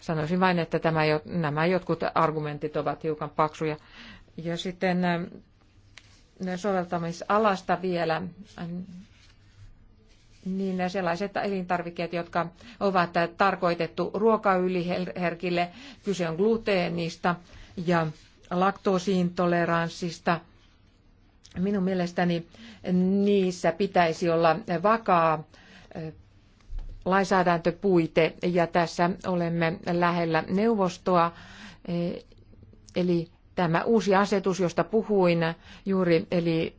sanoisin vain, että tämä, nämä jotkut argumentit ovat hiukan paksuja. Ja sitten soveltamisalasta vielä niin sellaiset elintarvikkeet, jotka ovat tarkoitettu ruokaylihärkille, kyse on gluteenista ja laktoosiintoleranssista. Minun mielestäni niissä pitäisi olla vakaa lainsäädäntöpuite ja tässä olemme lähellä neuvostoa. E, eli tämä uusi asetus, josta puhuin juuri, eli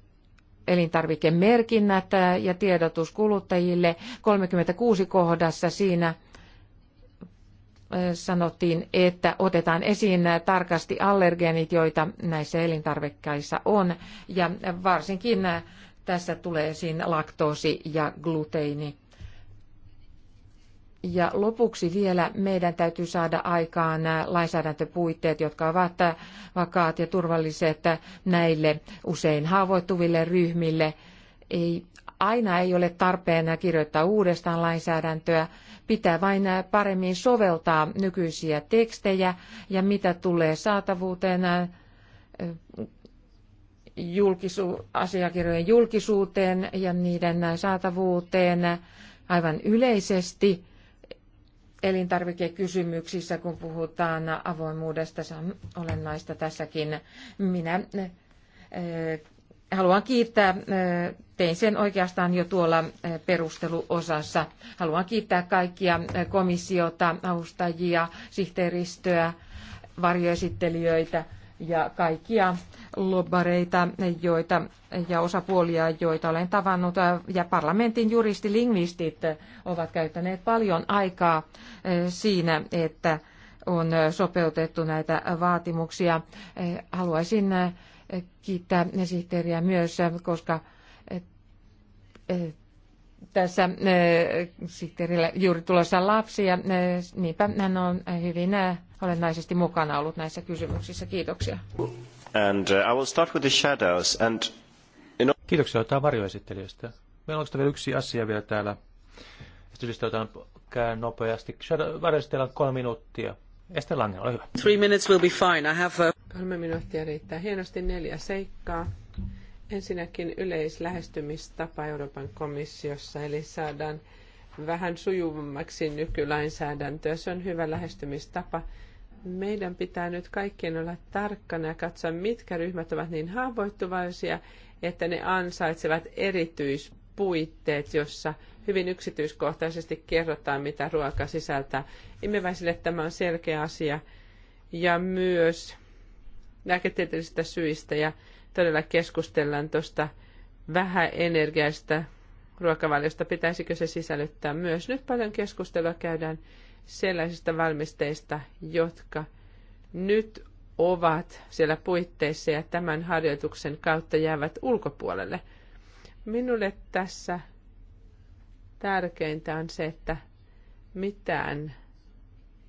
elintarvikemerkinnät ja tiedotus kuluttajille 36 kohdassa siinä eh, sanottiin, että otetaan esiin tarkasti allergeenit, joita näissä elintarvikkeissa on. Ja varsinkin tässä tulee esiin laktoosi ja gluteini ja lopuksi vielä meidän täytyy saada aikaan äh, lainsäädäntöpuitteet, jotka ovat äh, vakaat ja turvalliset äh, näille usein haavoittuville ryhmille. Ei, aina ei ole tarpeen kirjoittaa uudestaan lainsäädäntöä, pitää vain paremmin soveltaa nykyisiä tekstejä ja mitä tulee saatavuuteen julkisu, asiakirjojen julkisuuteen ja niiden saatavuuteen aivan yleisesti elintarvikekysymyksissä, kun puhutaan avoimuudesta. Se on olennaista tässäkin. Minä eh, haluan kiittää, eh, tein sen oikeastaan jo tuolla eh, perusteluosassa. Haluan kiittää kaikkia komissiota, avustajia, sihteeristöä, varjoesittelijöitä – ja kaikkia lobbareita joita, ja osapuolia, joita olen tavannut. Ja parlamentin juristilingvistit ovat käyttäneet paljon aikaa eh, siinä, että on sopeutettu näitä vaatimuksia. Eh, haluaisin eh, kiittää sihteeriä myös, koska tässä sihteerillä juuri tulossa lapsia, niinpä hän on hyvin olennaisesti mukana ollut näissä kysymyksissä. Kiitoksia. And, uh, I will start with the shadows and... Kiitoksia jotain varjoesittelijöistä. Meillä on vielä yksi asia vielä täällä. Sitten otan käyn nopeasti. Varjoesittelijä on kolme minuuttia. Ester Lange, ole hyvä. Three minutes will be fine. I have a... Kolme minuuttia riittää. Hienosti neljä seikkaa. Ensinnäkin yleislähestymistapa Euroopan komissiossa, eli saadaan vähän sujuvammaksi nykylainsäädäntöä. Se on hyvä lähestymistapa meidän pitää nyt kaikkien olla tarkkana ja katsoa, mitkä ryhmät ovat niin haavoittuvaisia, että ne ansaitsevat erityispuitteet, jossa hyvin yksityiskohtaisesti kerrotaan, mitä ruoka sisältää. Imeväisille tämä on selkeä asia ja myös lääketieteellisistä syistä ja todella keskustellaan tuosta vähäenergiaista ruokavaliosta, pitäisikö se sisällyttää myös. Nyt paljon keskustelua käydään sellaisista valmisteista, jotka nyt ovat siellä puitteissa ja tämän harjoituksen kautta jäävät ulkopuolelle. Minulle tässä tärkeintä on se, että mitään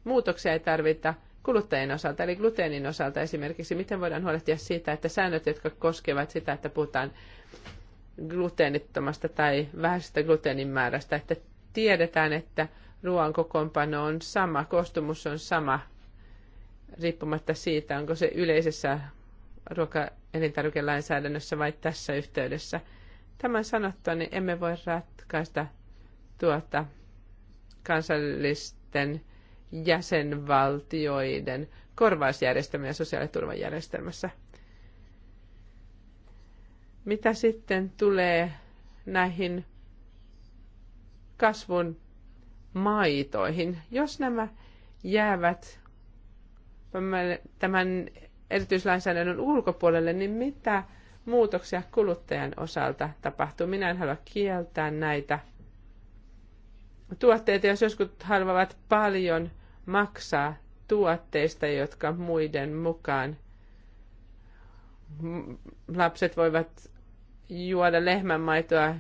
muutoksia ei tarvita kuluttajien osalta, eli gluteenin osalta esimerkiksi. Miten voidaan huolehtia siitä, että säännöt, jotka koskevat sitä, että puhutaan gluteenittomasta tai vähäisestä gluteenin määrästä, että tiedetään, että ruoan kokoonpano on sama, koostumus on sama, riippumatta siitä, onko se yleisessä ruoka- elintarvikelainsäädännössä vai tässä yhteydessä. Tämän sanottua, niin emme voi ratkaista tuota kansallisten jäsenvaltioiden korvausjärjestelmä sosiaaliturvajärjestelmässä. Mitä sitten tulee näihin kasvun maitoihin. Jos nämä jäävät tämän erityislainsäädännön ulkopuolelle, niin mitä muutoksia kuluttajan osalta tapahtuu? Minä en halua kieltää näitä tuotteita, jos joskus haluavat paljon maksaa tuotteista, jotka muiden mukaan lapset voivat juoda lehmänmaitoa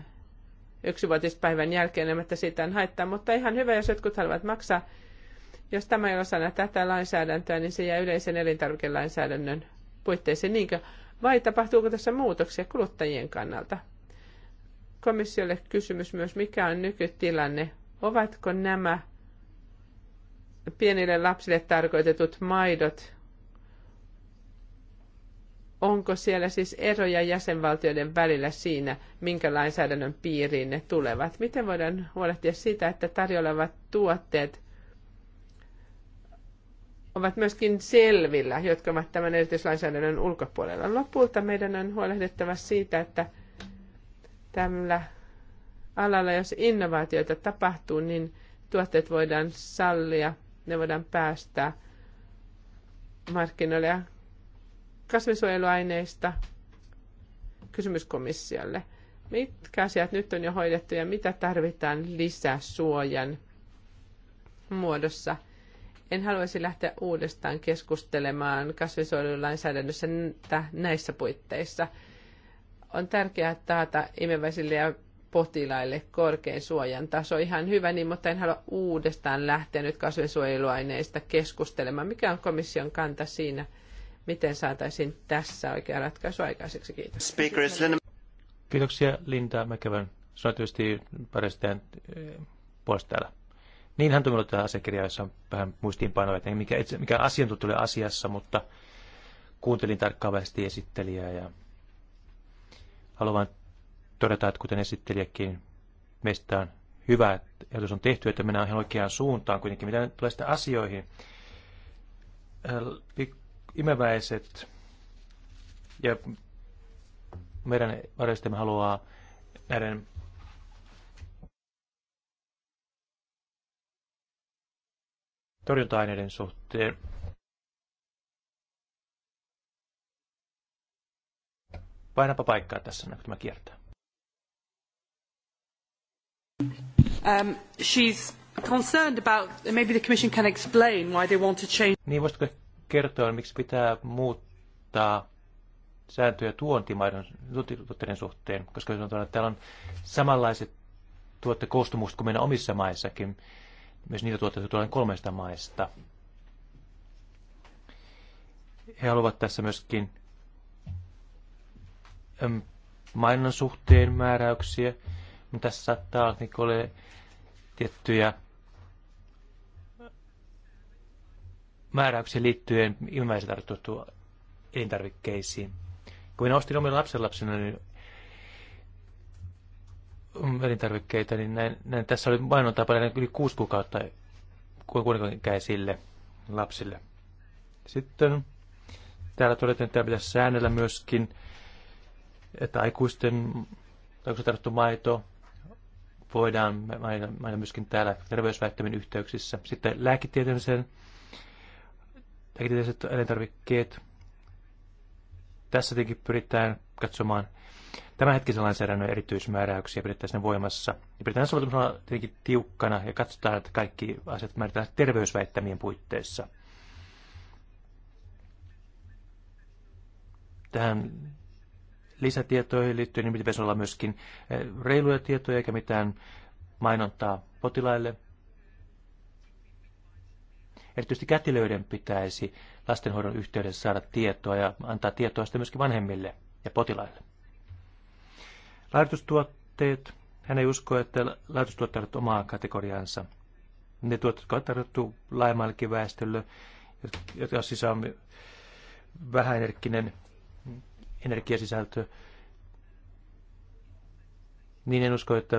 yksivuotispäivän jälkeen, että siitä on haittaa, mutta ihan hyvä, jos jotkut haluavat maksaa. Jos tämä ei osana tätä lainsäädäntöä, niin se jää yleisen elintarvikelainsäädännön puitteisiin, niinkö? Vai tapahtuuko tässä muutoksia kuluttajien kannalta? Komissiolle kysymys myös, mikä on nykytilanne? Ovatko nämä pienille lapsille tarkoitetut maidot onko siellä siis eroja jäsenvaltioiden välillä siinä, minkä lainsäädännön piiriin ne tulevat? Miten voidaan huolehtia siitä, että tarjolla olevat tuotteet ovat myöskin selvillä, jotka ovat tämän erityislainsäädännön ulkopuolella. Lopulta meidän on huolehdittava siitä, että tällä alalla, jos innovaatioita tapahtuu, niin tuotteet voidaan sallia, ne voidaan päästää markkinoille ja kasvinsuojeluaineista kysymys komissiolle. Mitkä asiat nyt on jo hoidettu ja mitä tarvitaan lisäsuojan muodossa? En haluaisi lähteä uudestaan keskustelemaan kasvinsuojelulainsäädännössä näissä puitteissa. On tärkeää taata imeväisille ja potilaille korkein suojan taso. Ihan hyvä, niin, mutta en halua uudestaan lähteä nyt kasvinsuojeluaineista keskustelemaan. Mikä on komission kanta siinä? miten saataisiin tässä oikea ratkaisu aikaiseksi. Kiitos. Kiitoksia Linda Mäkevän. Sanoit tietysti pärjästään eh, puolesta täällä. Niin hän tuli tähän asiakirjaan, jossa vähän muistiinpanoja, että mikä, itse, mikä asiantuntija asiassa, mutta kuuntelin tarkkaavasti esittelijää ja haluan vain todeta, että kuten esittelijäkin, meistä on hyvä, että ehdotus on tehty, että mennään ihan oikeaan suuntaan kuitenkin, mitä tulee sitten asioihin. Äh, imeväiset ja meidän varjostamme haluaa näiden torjunta-aineiden suhteen painapa paikkaa tässä, kun tämä kiertää. Um, she's concerned about, maybe the Commission can explain why they want to change. Niin, voisitko kertoa, niin miksi pitää muuttaa sääntöjä tuontimaiden tuotteiden suhteen, koska sanotaan, että täällä on samanlaiset tuottekoostumukset kuin meidän omissa maissakin. Myös niitä tuotteita tulee kolmesta maista. He haluavat tässä myöskin mainon suhteen määräyksiä, mutta tässä saattaa olla tiettyjä määräyksiin liittyen ilmaisen tarkoitettu elintarvikkeisiin. Kun minä ostin omilla lapsenlapsena niin um, elintarvikkeita, niin näin, näin, tässä oli mainontaa paljon yli kuusi kuukautta kuinkaisille lapsille. Sitten täällä todetaan, että pitäisi säännellä myöskin, että aikuisten aikuisen tarttu maito voidaan mainita, myöskin täällä terveysväittämien yhteyksissä. Sitten lääketieteellisen erityiset elintarvikkeet. Tässä tietenkin pyritään katsomaan tämänhetkisen lainsäädännön erityismääräyksiä, pidetään ne voimassa. Ja pidetään soveltamisella tietenkin tiukkana ja katsotaan, että kaikki asiat määritään terveysväittämien puitteissa. Tähän lisätietoihin liittyen, niin pitäisi olla myöskin eh, reiluja tietoja eikä mitään mainontaa potilaille – Erityisesti kätilöiden pitäisi lastenhoidon yhteydessä saada tietoa ja antaa tietoa sitten myöskin vanhemmille ja potilaille. Laitustuotteet, Hän ei usko, että laitustuotteet ovat omaa kategoriansa. Ne tuotteet, jotka on tarjottu laajemmallekin väestölle, jotka siis vähäenerkkinen energiasisältö, niin en usko, että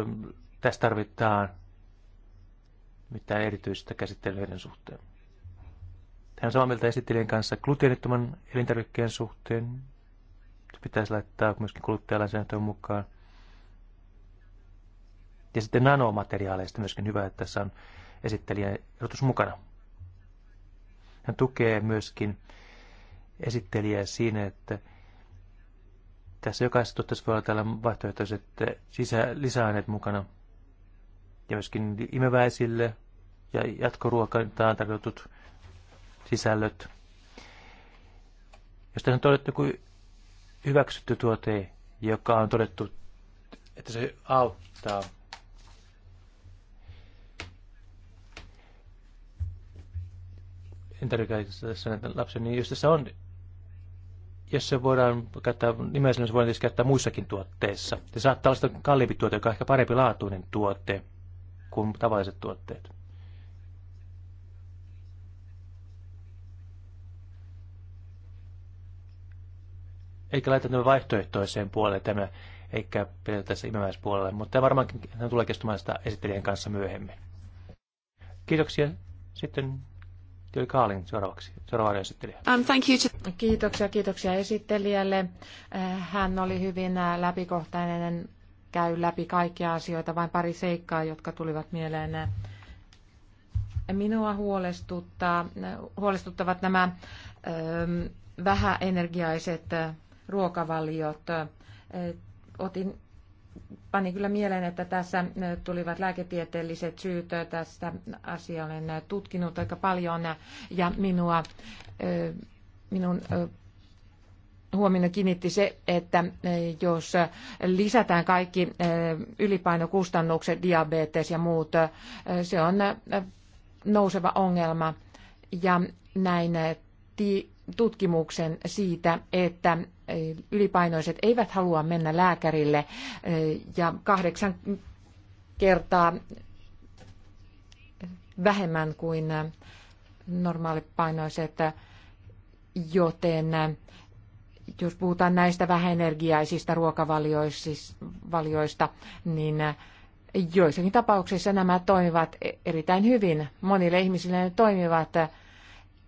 tässä tarvitaan mitään erityistä käsittelyiden suhteen. Tähän samaa mieltä esittelijän kanssa gluteenittoman elintarvikkeen suhteen. Se pitäisi laittaa myöskin kuluttajalainsäädäntöön mukaan. Ja sitten nanomateriaaleista myöskin hyvä, että tässä on esittelijän erotus mukana. Hän tukee myöskin esittelijää siinä, että tässä jokaisessa tuotteessa voi olla täällä vaihtoehtoiset sisä, lisäaineet mukana. Ja myöskin imeväisille ja jatkoruokantaan tarkoitut sisällöt. Jos tässä on todettu kuin hyväksytty tuote, joka on todettu, että se auttaa tässä lapsia, niin jos tässä on, jos se voidaan käyttää, nimensä se voidaan siis käyttää muissakin tuotteissa. Se saattaa olla kalliimpi tuote, joka on ehkä parempi laatuinen tuote kuin tavalliset tuotteet. eikä laita tämän vaihtoehtoiseen puolelle tämä, eikä pidetä tässä imemäispuolelle, mutta tämä varmaankin tämä tulee kestämään sitä esittelijän kanssa myöhemmin. Kiitoksia. Sitten Työ Kaalin seuraavaksi, seuraava esittelijä. Um, thank you to... Kiitoksia, kiitoksia esittelijälle. Äh, hän oli hyvin äh, läpikohtainen, käy läpi kaikkia asioita, vain pari seikkaa, jotka tulivat mieleen. Äh, minua huolestuttaa, huolestuttavat nämä ähm, vähäenergiaiset ruokavaliot. Otin, pani kyllä mieleen, että tässä tulivat lääketieteelliset syyt. Tästä asiaa olen tutkinut aika paljon ja minua, minun huomioon kiinnitti se, että jos lisätään kaikki ylipainokustannukset, diabetes ja muut, se on nouseva ongelma. Ja näin tutkimuksen siitä, että eh, ylipainoiset eivät halua mennä lääkärille eh, ja kahdeksan kertaa vähemmän kuin eh, normaalipainoiset, joten jos puhutaan näistä vähäenergiaisista ruokavalioista, niin joissakin tapauksissa nämä toimivat e-, erittäin hyvin. Monille ihmisille ne toimivat.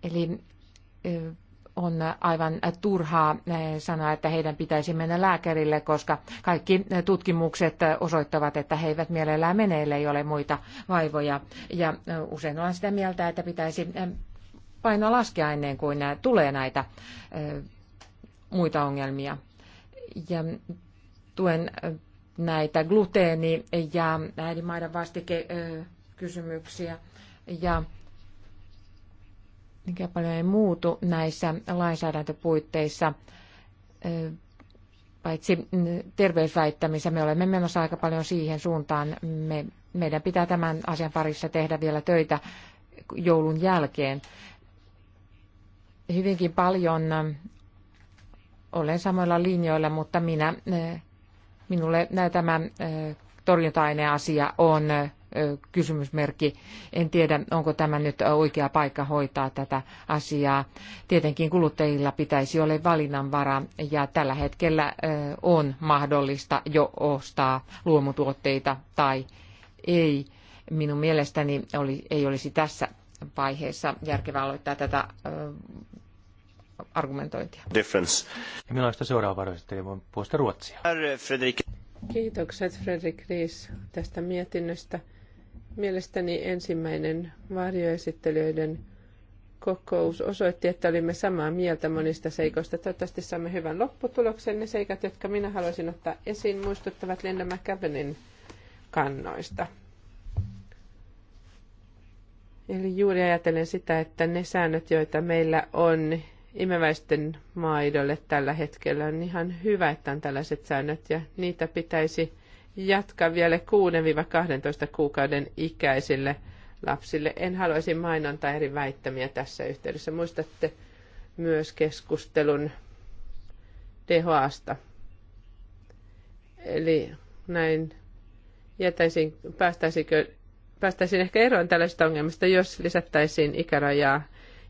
Eli on aivan turhaa eh, sanoa, että heidän pitäisi mennä lääkärille, koska kaikki tutkimukset osoittavat, että he eivät mielellään mene, ellei ole muita vaivoja. Ja eh, usein olen sitä mieltä, että pitäisi eh, painoa laskea ennen kuin tulee näitä muita ongelmia. Ja tuen näitä gluteeni- ja äidinmaidon vastikekysymyksiä. Ja mikä paljon ei muutu näissä lainsäädäntöpuitteissa, paitsi terveysväittämissä. Me olemme menossa aika paljon siihen suuntaan. Me, meidän pitää tämän asian parissa tehdä vielä töitä joulun jälkeen. Hyvinkin paljon olen samoilla linjoilla, mutta minä, minulle tämä torjunta-aineasia on kysymysmerkki. En tiedä, onko tämä nyt oikea paikka hoitaa tätä asiaa. Tietenkin kuluttajilla pitäisi olla valinnanvara ja tällä hetkellä on mahdollista jo ostaa luomutuotteita tai ei. Minun mielestäni oli, ei olisi tässä vaiheessa järkevää aloittaa tätä argumentointia. Difference. Ja millaista seuraava varoista voin puhua Ruotsia? Kiitokset Fredrik Ries tästä mietinnöstä. Mielestäni ensimmäinen varjoesittelijöiden kokous osoitti, että olimme samaa mieltä monista seikoista. Toivottavasti saamme hyvän lopputuloksen. Ne seikat, jotka minä haluaisin ottaa esiin, muistuttavat Linda McCabenin kannoista. Eli juuri ajatellen sitä, että ne säännöt, joita meillä on imeväisten maidolle tällä hetkellä, on ihan hyvä, että on tällaiset säännöt ja niitä pitäisi – Jatka vielä 6-12 kuukauden ikäisille lapsille. En haluaisi mainontaa eri väittämiä tässä yhteydessä. Muistatte myös keskustelun DHAsta. Eli näin jätäisin, päästäisikö, päästäisiin ehkä eroon tällaisesta ongelmista, jos lisättäisiin ikärajaa ja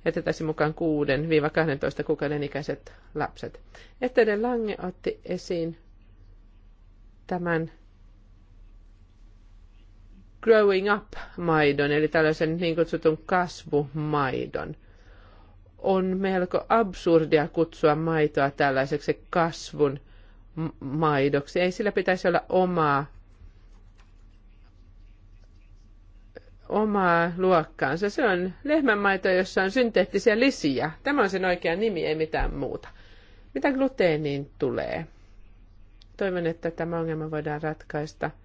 jätettäisiin mukaan 6-12 kuukauden ikäiset lapset. Etteiden Lange otti esiin tämän growing up-maidon, eli tällaisen niin kutsutun kasvumaidon. On melko absurdia kutsua maitoa tällaiseksi kasvun maidoksi. Ei sillä pitäisi olla omaa, omaa luokkaansa. Se on lehmänmaito, jossa on synteettisiä lisiä. Tämä on sen oikea nimi, ei mitään muuta. Mitä gluteeniin tulee? Toivon, että tämä ongelma voidaan ratkaista –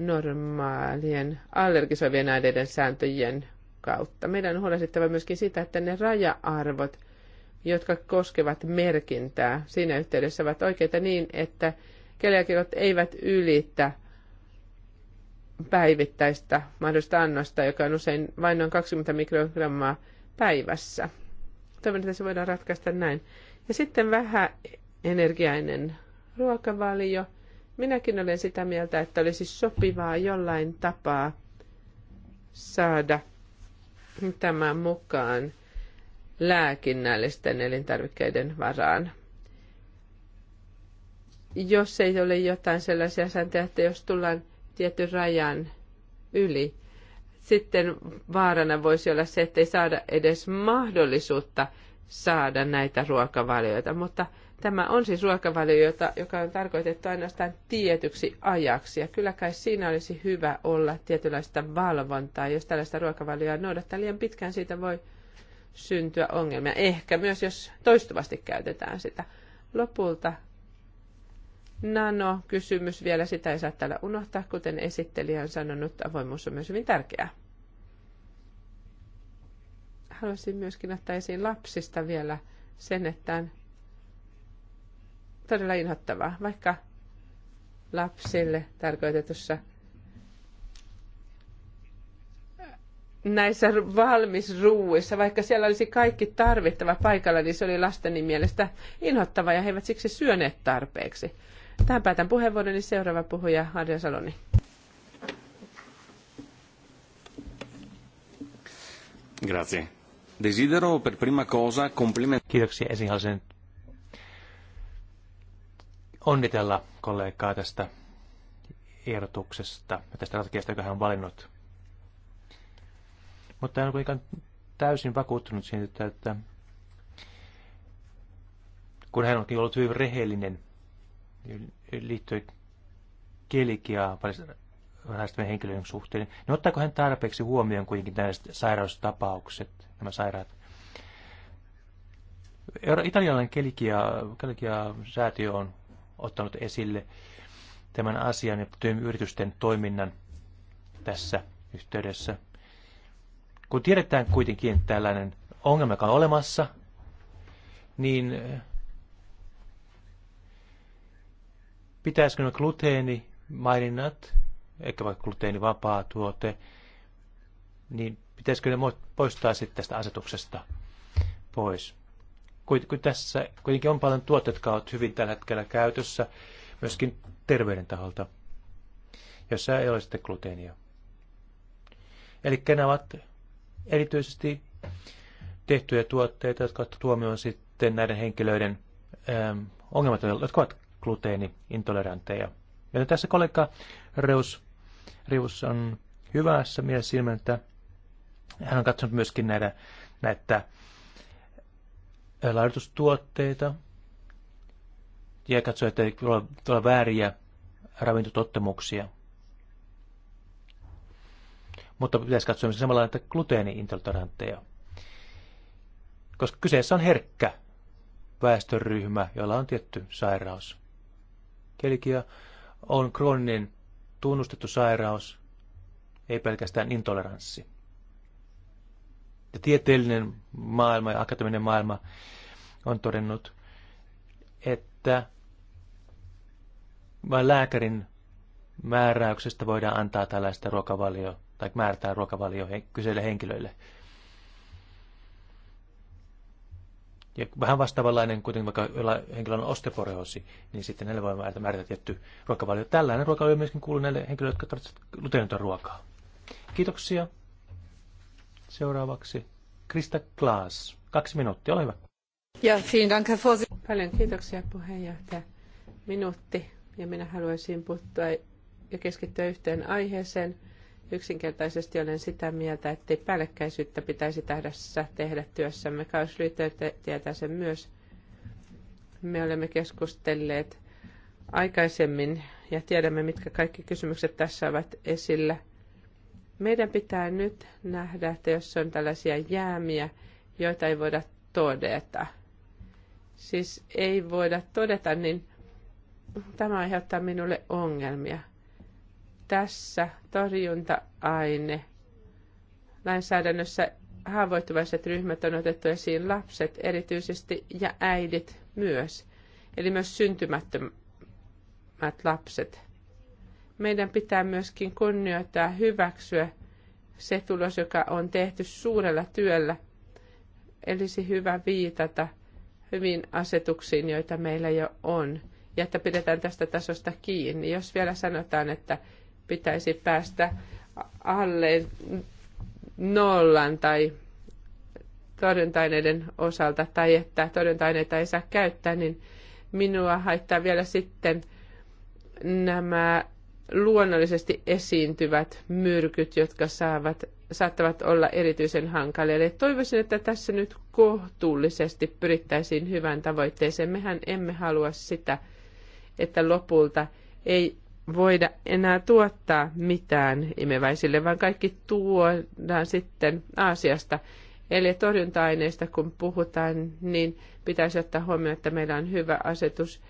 normaalien allergisoivien aineiden sääntöjen kautta. Meidän on huolehdittava myöskin sitä, että ne raja-arvot, jotka koskevat merkintää, siinä yhteydessä ovat oikeita niin, että keliakirjat eivät ylitä päivittäistä mahdollista annosta, joka on usein vain noin 20 mikrogrammaa päivässä. Toivon, että se voidaan ratkaista näin. Ja sitten vähän energiainen ruokavalio – Minäkin olen sitä mieltä, että olisi sopivaa jollain tapaa saada tämän mukaan lääkinnällisten elintarvikkeiden varaan. Jos ei ole jotain sellaisia sääntöjä, että jos tullaan tietyn rajan yli, sitten vaarana voisi olla se, että ei saada edes mahdollisuutta saada näitä ruokavalioita, mutta Tämä on siis ruokavalio, jota, joka on tarkoitettu ainoastaan tietyksi ajaksi. Ja kyllä kai siinä olisi hyvä olla tietynlaista valvontaa. Jos tällaista ruokavalioa noudattaa liian pitkään, siitä voi syntyä ongelmia. Ehkä myös, jos toistuvasti käytetään sitä. Lopulta nano-kysymys vielä, sitä ei saa täällä unohtaa, kuten esittelijä on sanonut, avoimuus on myös hyvin tärkeää. Haluaisin myöskin ottaa esiin lapsista vielä sen, että todella inhottavaa, vaikka lapsille tarkoitetussa näissä valmisruuissa, vaikka siellä olisi kaikki tarvittava paikalla, niin se oli lasteni mielestä inhottava ja he eivät siksi syöneet tarpeeksi. Tähän päätän puheenvuoroni niin seuraava puhuja Arja Saloni. Grazie. Desidero per prima cosa complimentare. Kiitoksia esihallisen onnitella kollegaa tästä ehdotuksesta ja tästä strategiasta, joka hän on valinnut. Mutta en ole kuitenkaan täysin vakuuttunut siitä, että kun hän onkin ollut hyvin rehellinen liittyen kelikiaa vähäisten henkilöiden suhteen, niin ottaako hän tarpeeksi huomioon kuitenkin nämä sairaustapaukset, nämä sairaat? Italialainen kelikia, kelikia säätiö on ottanut esille tämän asian ja yritysten toiminnan tässä yhteydessä. Kun tiedetään kuitenkin tällainen ongelma, joka on olemassa, niin eh, pitäisikö nämä gluteenimaininnat, eikä vaikka gluteenivapaa tuote, niin pitäisikö ne poistaa sitten tästä asetuksesta pois? kuitenkin tässä kuitenkin on paljon tuotteita, jotka ovat hyvin tällä hetkellä käytössä, myöskin terveyden taholta, jossa ei ole sitten gluteenia. Eli nämä ovat erityisesti tehtyjä tuotteita, jotka ovat tuomioon sitten näiden henkilöiden äm, ongelmat, jotka ovat gluteeni-intolerantteja. Joten tässä kollega Reus, Rius on hyvässä mielessä ilman, että hän on katsonut myöskin näitä, näitä laadutustuotteita ja katsoa, että ei tule, tule vääriä ravintotottamuksia. Mutta pitäisi katsoa myös samalla, että gluteeni-intolerantteja. Koska kyseessä on herkkä väestöryhmä, jolla on tietty sairaus. Kelkia on krooninen tunnustettu sairaus, ei pelkästään intoleranssi ja tieteellinen maailma ja akateeminen maailma on todennut, että vain lääkärin määräyksestä voidaan antaa tällaista ruokavalio tai määrätään ruokavalio kyseille henkilöille. Ja vähän vastaavanlainen, kuten vaikka henkilö henkilöllä on osteoporeosi, niin sitten näille voi määrätä, määrätä tietty ruokavalio. Tällainen ruokavalio myöskin kuuluu näille henkilöille, jotka tarvitsevat gluteenitonta ruokaa. Kiitoksia. Seuraavaksi Krista Klaas. Kaksi minuuttia, ole hyvä. Ja, vielen Paljon kiitoksia puheenjohtaja. Minuutti ja minä haluaisin puuttua ja keskittyä yhteen aiheeseen. Yksinkertaisesti olen sitä mieltä, että päällekkäisyyttä pitäisi tähdässä tehdä työssämme. Kaus tietää sen myös. Me olemme keskustelleet aikaisemmin ja tiedämme, mitkä kaikki kysymykset tässä ovat esillä – meidän pitää nyt nähdä, että jos on tällaisia jäämiä, joita ei voida todeta, siis ei voida todeta, niin tämä aiheuttaa minulle ongelmia. Tässä torjunta-aine lainsäädännössä haavoittuvaiset ryhmät on otettu esiin lapset erityisesti ja äidit myös. Eli myös syntymättömät lapset meidän pitää myöskin kunnioittaa hyväksyä se tulos, joka on tehty suurella työllä. eli se hyvä viitata hyvin asetuksiin, joita meillä jo on, ja että pidetään tästä tasosta kiinni. Jos vielä sanotaan, että pitäisi päästä alle nollan tai todentaineiden osalta, tai että todentaineita ei saa käyttää, niin minua haittaa vielä sitten nämä luonnollisesti esiintyvät myrkyt, jotka saavat, saattavat olla erityisen hankalia. Eli toivoisin, että tässä nyt kohtuullisesti pyrittäisiin hyvään tavoitteeseen. Mehän emme halua sitä, että lopulta ei voida enää tuottaa mitään imeväisille, vaan kaikki tuodaan sitten Aasiasta. Eli torjunta-aineista kun puhutaan, niin pitäisi ottaa huomioon, että meillä on hyvä asetus –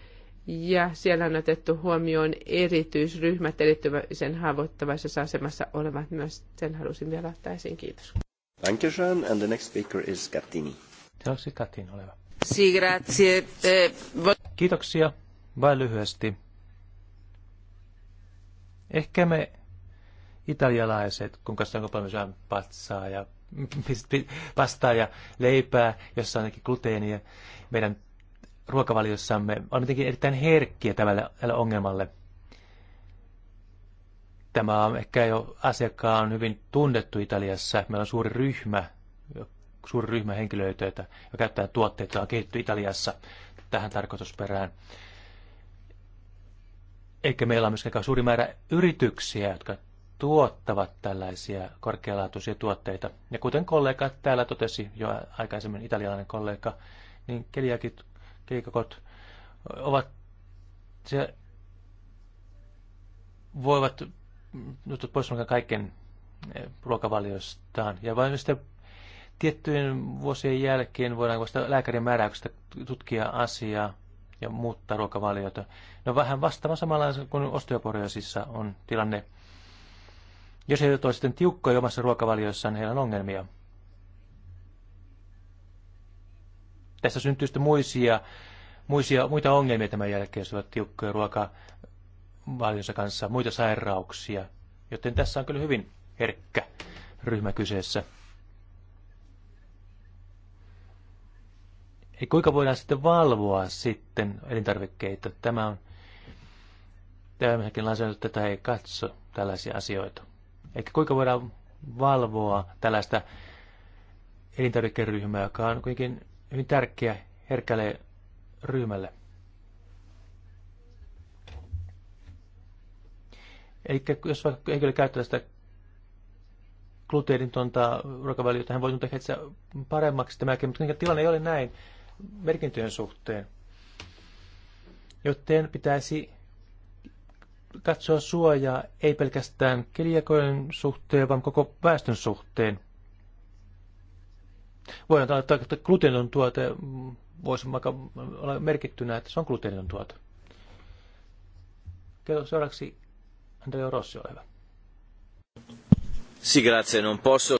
ja siellä on otettu huomioon erityisryhmät, erityisen haavoittavassa asemassa olevat myös. Sen halusin vielä ottaa esiin. Kiitos. Thank you, Jean. And the next speaker is Katini. Seuraavaksi Kattin, oleva. Si, grazie. Kiitoksia. Vain lyhyesti. Ehkä me italialaiset, kun katsotaanko paljon patsaa ja pastaa ja leipää, jossa on ainakin gluteenia, meidän ruokavaliossamme. on jotenkin erittäin herkkiä tälle, tälle ongelmalle. Tämä on ehkä jo asiakkaan on hyvin tunnettu Italiassa. Meillä on suuri ryhmä, suuri ryhmä henkilöitä, jotka käyttää tuotteita, jotka on kehitetty Italiassa tähän tarkoitusperään. Eikä meillä on myöskään suuri määrä yrityksiä, jotka tuottavat tällaisia korkealaatuisia tuotteita. Ja kuten kollega täällä totesi jo aikaisemmin, italialainen kollega, niin keliakit liikakot ovat se, voivat nyt pois kaiken eh, ruokavalioistaan. Ja vain sitten tiettyjen vuosien jälkeen voidaan vasta lääkärin määräyksestä tutkia asiaa ja muuttaa ruokavaliota. No vähän vastaava samalla kuin osteoporoosissa on tilanne. Jos he ovat sitten tiukkoja omassa ruokavaliossaan, heillä on ongelmia. tässä syntyy sitten muisia, muisia, muita ongelmia tämän jälkeen, jos ovat tiukkoja ruokavalionsa kanssa, muita sairauksia. Joten tässä on kyllä hyvin herkkä ryhmä kyseessä. Eli kuinka voidaan sitten valvoa sitten elintarvikkeita? Tämä on tämmöisenkin lainsäädäntö tätä ei katso tällaisia asioita. Eli kuinka voidaan valvoa tällaista elintarvikeryhmää, joka on kuitenkin hyvin tärkeä herkälle ryhmälle. Eli jos vaikka henkilö käyttää sitä gluteenitonta ruokavaliota, hän voi tuntea itse paremmaksi tämä mutta niin tilanne ei ole näin merkintöjen suhteen. Joten pitäisi katsoa suojaa ei pelkästään keliakojen suhteen, vaan koko väestön suhteen. Voidaan laittaa, että gluteeniton tuote voisi olla merkittynä, että se on gluteeniton tuote. Kerro seuraavaksi Andrea Rossi, ole hyvä. grazie, non posso.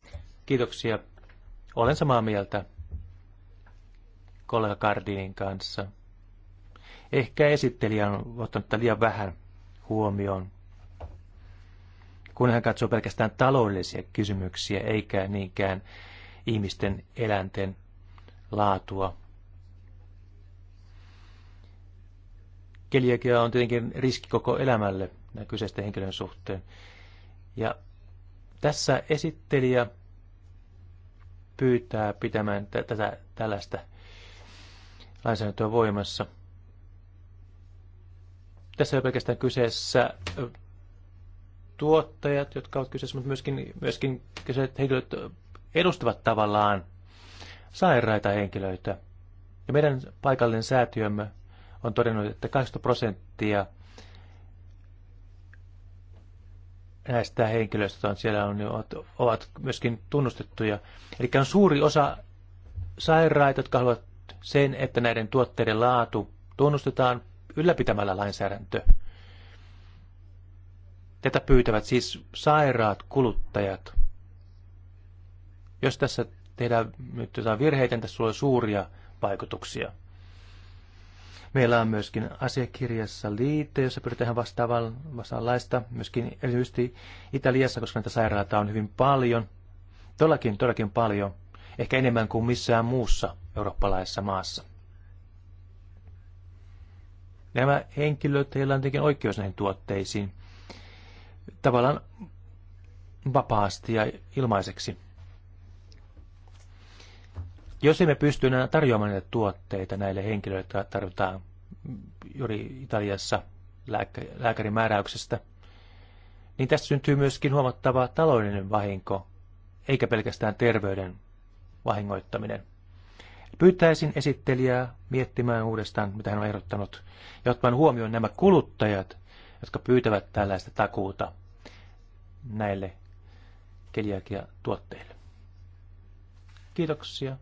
Kiitoksia. Olen samaa mieltä kollega Cardinin kanssa. Ehkä esittelijä on ottanut liian vähän huomioon, kun hän katsoo pelkästään taloudellisia kysymyksiä, eikä niinkään ihmisten eläinten laatua. Keliakia on tietenkin riski koko elämälle kyseisten henkilön suhteen. Ja tässä esittelijä pyytää pitämään tätä tällaista lainsäädäntöä voimassa. Tässä on pelkästään kyseessä tuottajat, jotka ovat kyseessä, mutta myöskin, myöskin kyseiset henkilöt edustavat tavallaan sairaita henkilöitä. Ja meidän paikallinen säätiömme on todennut, että 80 prosenttia näistä henkilöistä on siellä on, ovat myöskin tunnustettuja. Eli on suuri osa sairaita, jotka haluavat sen, että näiden tuotteiden laatu tunnustetaan ylläpitämällä lainsäädäntö. Tätä pyytävät siis sairaat kuluttajat. Jos tässä tehdään nyt jotain virheitä, niin tässä on suuria vaikutuksia. Meillä on myöskin asiakirjassa liite, jossa pyritään vastaavan, vastaavanlaista, myöskin erityisesti Italiassa, koska näitä sairaaloita on hyvin paljon, todellakin, todellakin paljon, ehkä enemmän kuin missään muussa eurooppalaisessa maassa. Nämä henkilöt, heillä on tietenkin oikeus näihin tuotteisiin, tavallaan vapaasti ja ilmaiseksi. Jos emme pysty enää tarjoamaan näitä tuotteita näille henkilöille, jotka tarvitaan juuri Italiassa lääkärin määräyksestä, niin tästä syntyy myöskin huomattava taloudellinen vahinko, eikä pelkästään terveyden vahingoittaminen. Pyytäisin esittelijää miettimään uudestaan, mitä hän on ehdottanut, ja ottamaan huomioon nämä kuluttajat, jotka pyytävät tällaista takuuta näille keliakia tuotteille. Kiitoksia.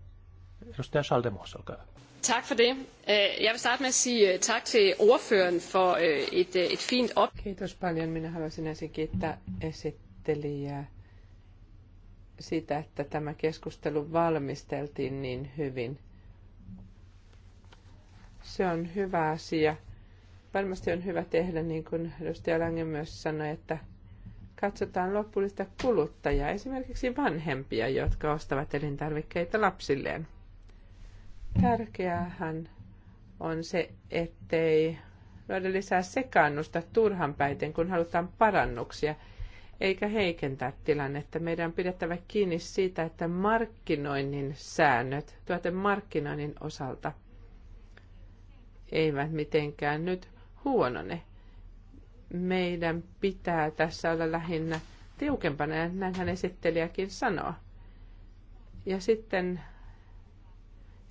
Edustaja olkaa hyvä. Tak for det. Øh, jeg vil starte med at sige øh, tak til ordføreren for øh, et, et fint op. Kiitos paljon. Minä haluaisin ensin kiittää esittelijää siitä, että tämä keskustelu valmisteltiin niin hyvin. Se on hyvä asia. Varmasti on hyvä tehdä, niin kuin edustaja Lange myös sanoi, että katsotaan lopullista kuluttajaa, esimerkiksi vanhempia, jotka ostavat elintarvikkeita lapsilleen. Tärkeähän on se, ettei luoda lisää sekaannusta turhanpäiten, kun halutaan parannuksia, eikä heikentää tilannetta. Meidän on pidettävä kiinni siitä, että markkinoinnin säännöt tuotemarkkinoinnin osalta eivät mitenkään nyt huonone. Meidän pitää tässä olla lähinnä tiukempana, ja näinhän esittelijäkin sanoo. Ja sitten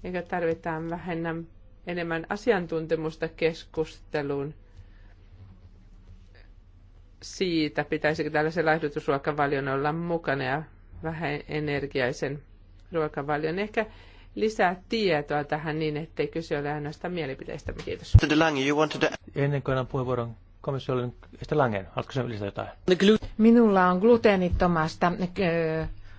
eikä tarvitaan vähemmän enemmän asiantuntemusta keskusteluun siitä, pitäisikö tällaisen laihdutusruokavalion olla mukana ja vähän energiaisen ruokavalion. Ehkä lisää tietoa tähän niin, ettei kyse ole ainoastaan mielipiteistä. Kiitos. Ennen kuin annan puheenvuoron komissiolle, Langen, haluatko lisätä jotain? Minulla on gluteenittomasta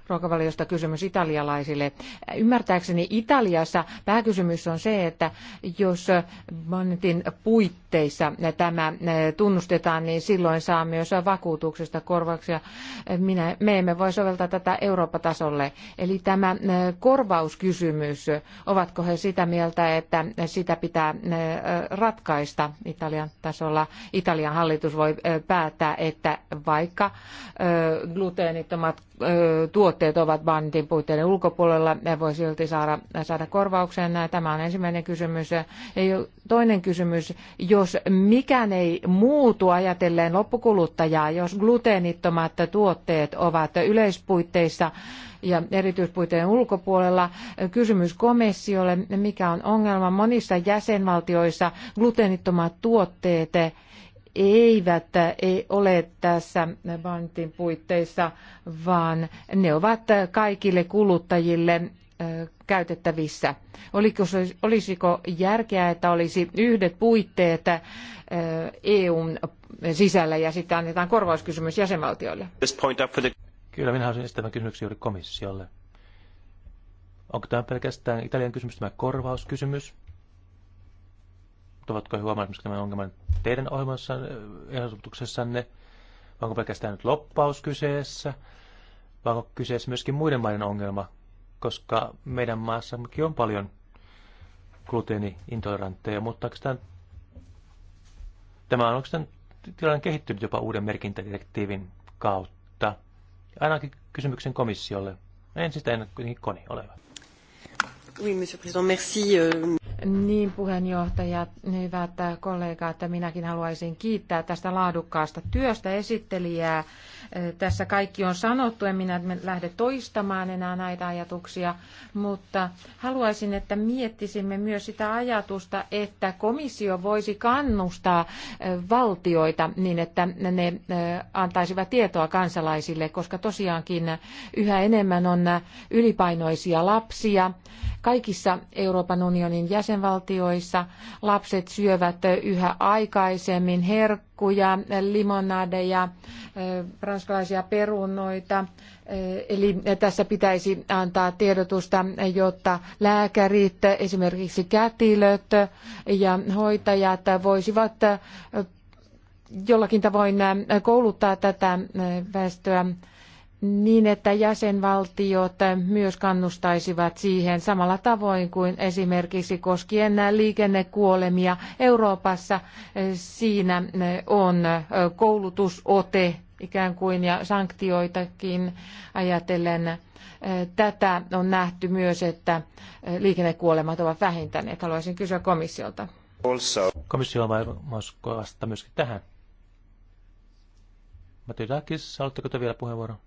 ruokavaliosta kysymys italialaisille. Ymmärtääkseni Italiassa pääkysymys on se, että jos monetin puitteissa tämä tunnustetaan, niin silloin saa myös vakuutuksesta korvauksia. Minä, me emme voi soveltaa tätä Eurooppa-tasolle. Eli tämä korvauskysymys, ovatko he sitä mieltä, että sitä pitää ratkaista Italian tasolla. Italian hallitus voi päättää, että vaikka gluteenittomat tuotteet tuotteet ovat bandin puitteiden ulkopuolella, ja voi silti saada, saada korvauksen. Tämä on ensimmäinen kysymys. Toinen kysymys, jos mikään ei muutu ajatellen loppukuluttajaa, jos gluteenittomat tuotteet ovat yleispuitteissa ja erityispuitteiden ulkopuolella, kysymys komissiolle, mikä on ongelma monissa jäsenvaltioissa gluteenittomat tuotteet eivät ole tässä Bantin puitteissa, vaan ne ovat kaikille kuluttajille käytettävissä. Oliko, olisiko järkeä, että olisi yhdet puitteet EUn sisällä ja sitten annetaan korvauskysymys jäsenvaltioille? Kyllä, minä haluaisin esittämään kysymyksen juuri komissiolle. Onko tämä pelkästään Italian kysymys, tämä korvauskysymys? ovatko he että esimerkiksi tämän ongelman teidän äh, ehdotuksessanne, vai onko pelkästään nyt loppaus kyseessä, vai onko kyseessä myöskin muiden maiden ongelma, koska meidän maassammekin on paljon gluteeniintolerantteja, mutta onko tämä on oikeastaan tilanne kehittynyt jopa uuden merkintädirektiivin kautta. Ainakin kysymyksen komissiolle. En sitä ennen kuitenkin koni ole. Oui, monsieur président, merci. Euh, niin, puheenjohtaja, hyvät kollegat, minäkin haluaisin kiittää tästä laadukkaasta työstä esittelijää. Tässä kaikki on sanottu, en minä lähde toistamaan enää näitä ajatuksia, mutta haluaisin, että miettisimme myös sitä ajatusta, että komissio voisi kannustaa valtioita niin, että ne antaisivat tietoa kansalaisille, koska tosiaankin yhä enemmän on ylipainoisia lapsia kaikissa Euroopan unionin jäsen jäsenvaltioissa lapset syövät yhä aikaisemmin herkkuja, limonadeja, ranskalaisia perunoita. Eli tässä pitäisi antaa tiedotusta, jotta lääkärit, esimerkiksi kätilöt ja hoitajat voisivat jollakin tavoin kouluttaa tätä väestöä niin, että jäsenvaltiot myös kannustaisivat siihen samalla tavoin kuin esimerkiksi koskien liikennekuolemia Euroopassa. Siinä on koulutusote ikään kuin ja sanktioitakin ajatellen. Tätä on nähty myös, että liikennekuolemat ovat vähentäneet. Haluaisin kysyä komissiolta. Also. Komissio on vastata myöskin tähän. Matidakis, haluatteko te vielä puheenvuoron?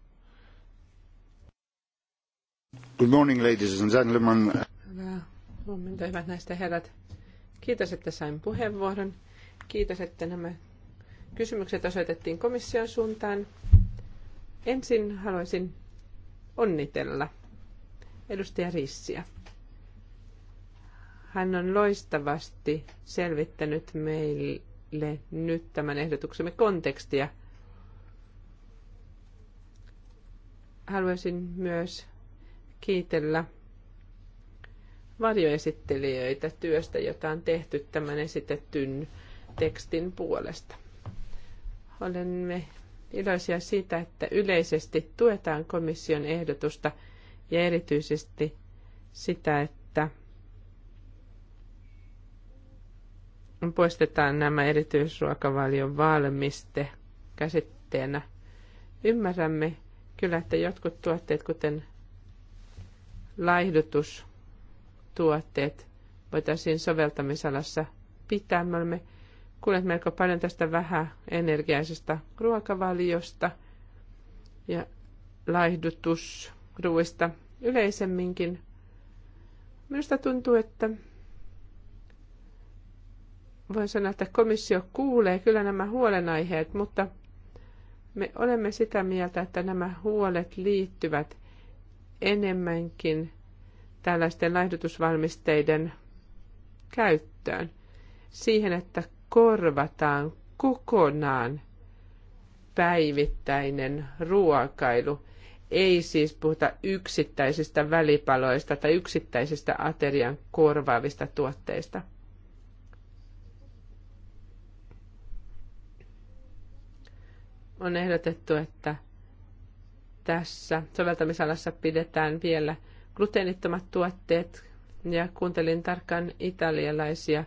Good morning, ladies and gentlemen. Hyvää huomenta, hyvät näistä herrat. Kiitos, että sain puheenvuoron. Kiitos, että nämä kysymykset osoitettiin komission suuntaan. Ensin haluaisin onnitella edustaja Rissiä. Hän on loistavasti selvittänyt meille nyt tämän ehdotuksemme kontekstia. Haluaisin myös kiitellä varjoesittelijöitä työstä, jota on tehty tämän esitetyn tekstin puolesta. Olemme iloisia siitä, että yleisesti tuetaan komission ehdotusta ja erityisesti sitä, että poistetaan nämä erityisruokavalion valmiste käsitteenä. Ymmärrämme kyllä, että jotkut tuotteet, kuten laihdutustuotteet voitaisiin soveltamisalassa pitää. Me olemme kuulleet melko paljon tästä vähän energiaisesta ruokavaliosta ja laihdutusruuista yleisemminkin. Minusta tuntuu, että voin sanoa, että komissio kuulee kyllä nämä huolenaiheet, mutta me olemme sitä mieltä, että nämä huolet liittyvät enemmänkin tällaisten laihdutusvalmisteiden käyttöön. Siihen, että korvataan kokonaan päivittäinen ruokailu. Ei siis puhuta yksittäisistä välipaloista tai yksittäisistä aterian korvaavista tuotteista. On ehdotettu, että tässä soveltamisalassa pidetään vielä gluteenittomat tuotteet, ja kuuntelin tarkkaan italialaisia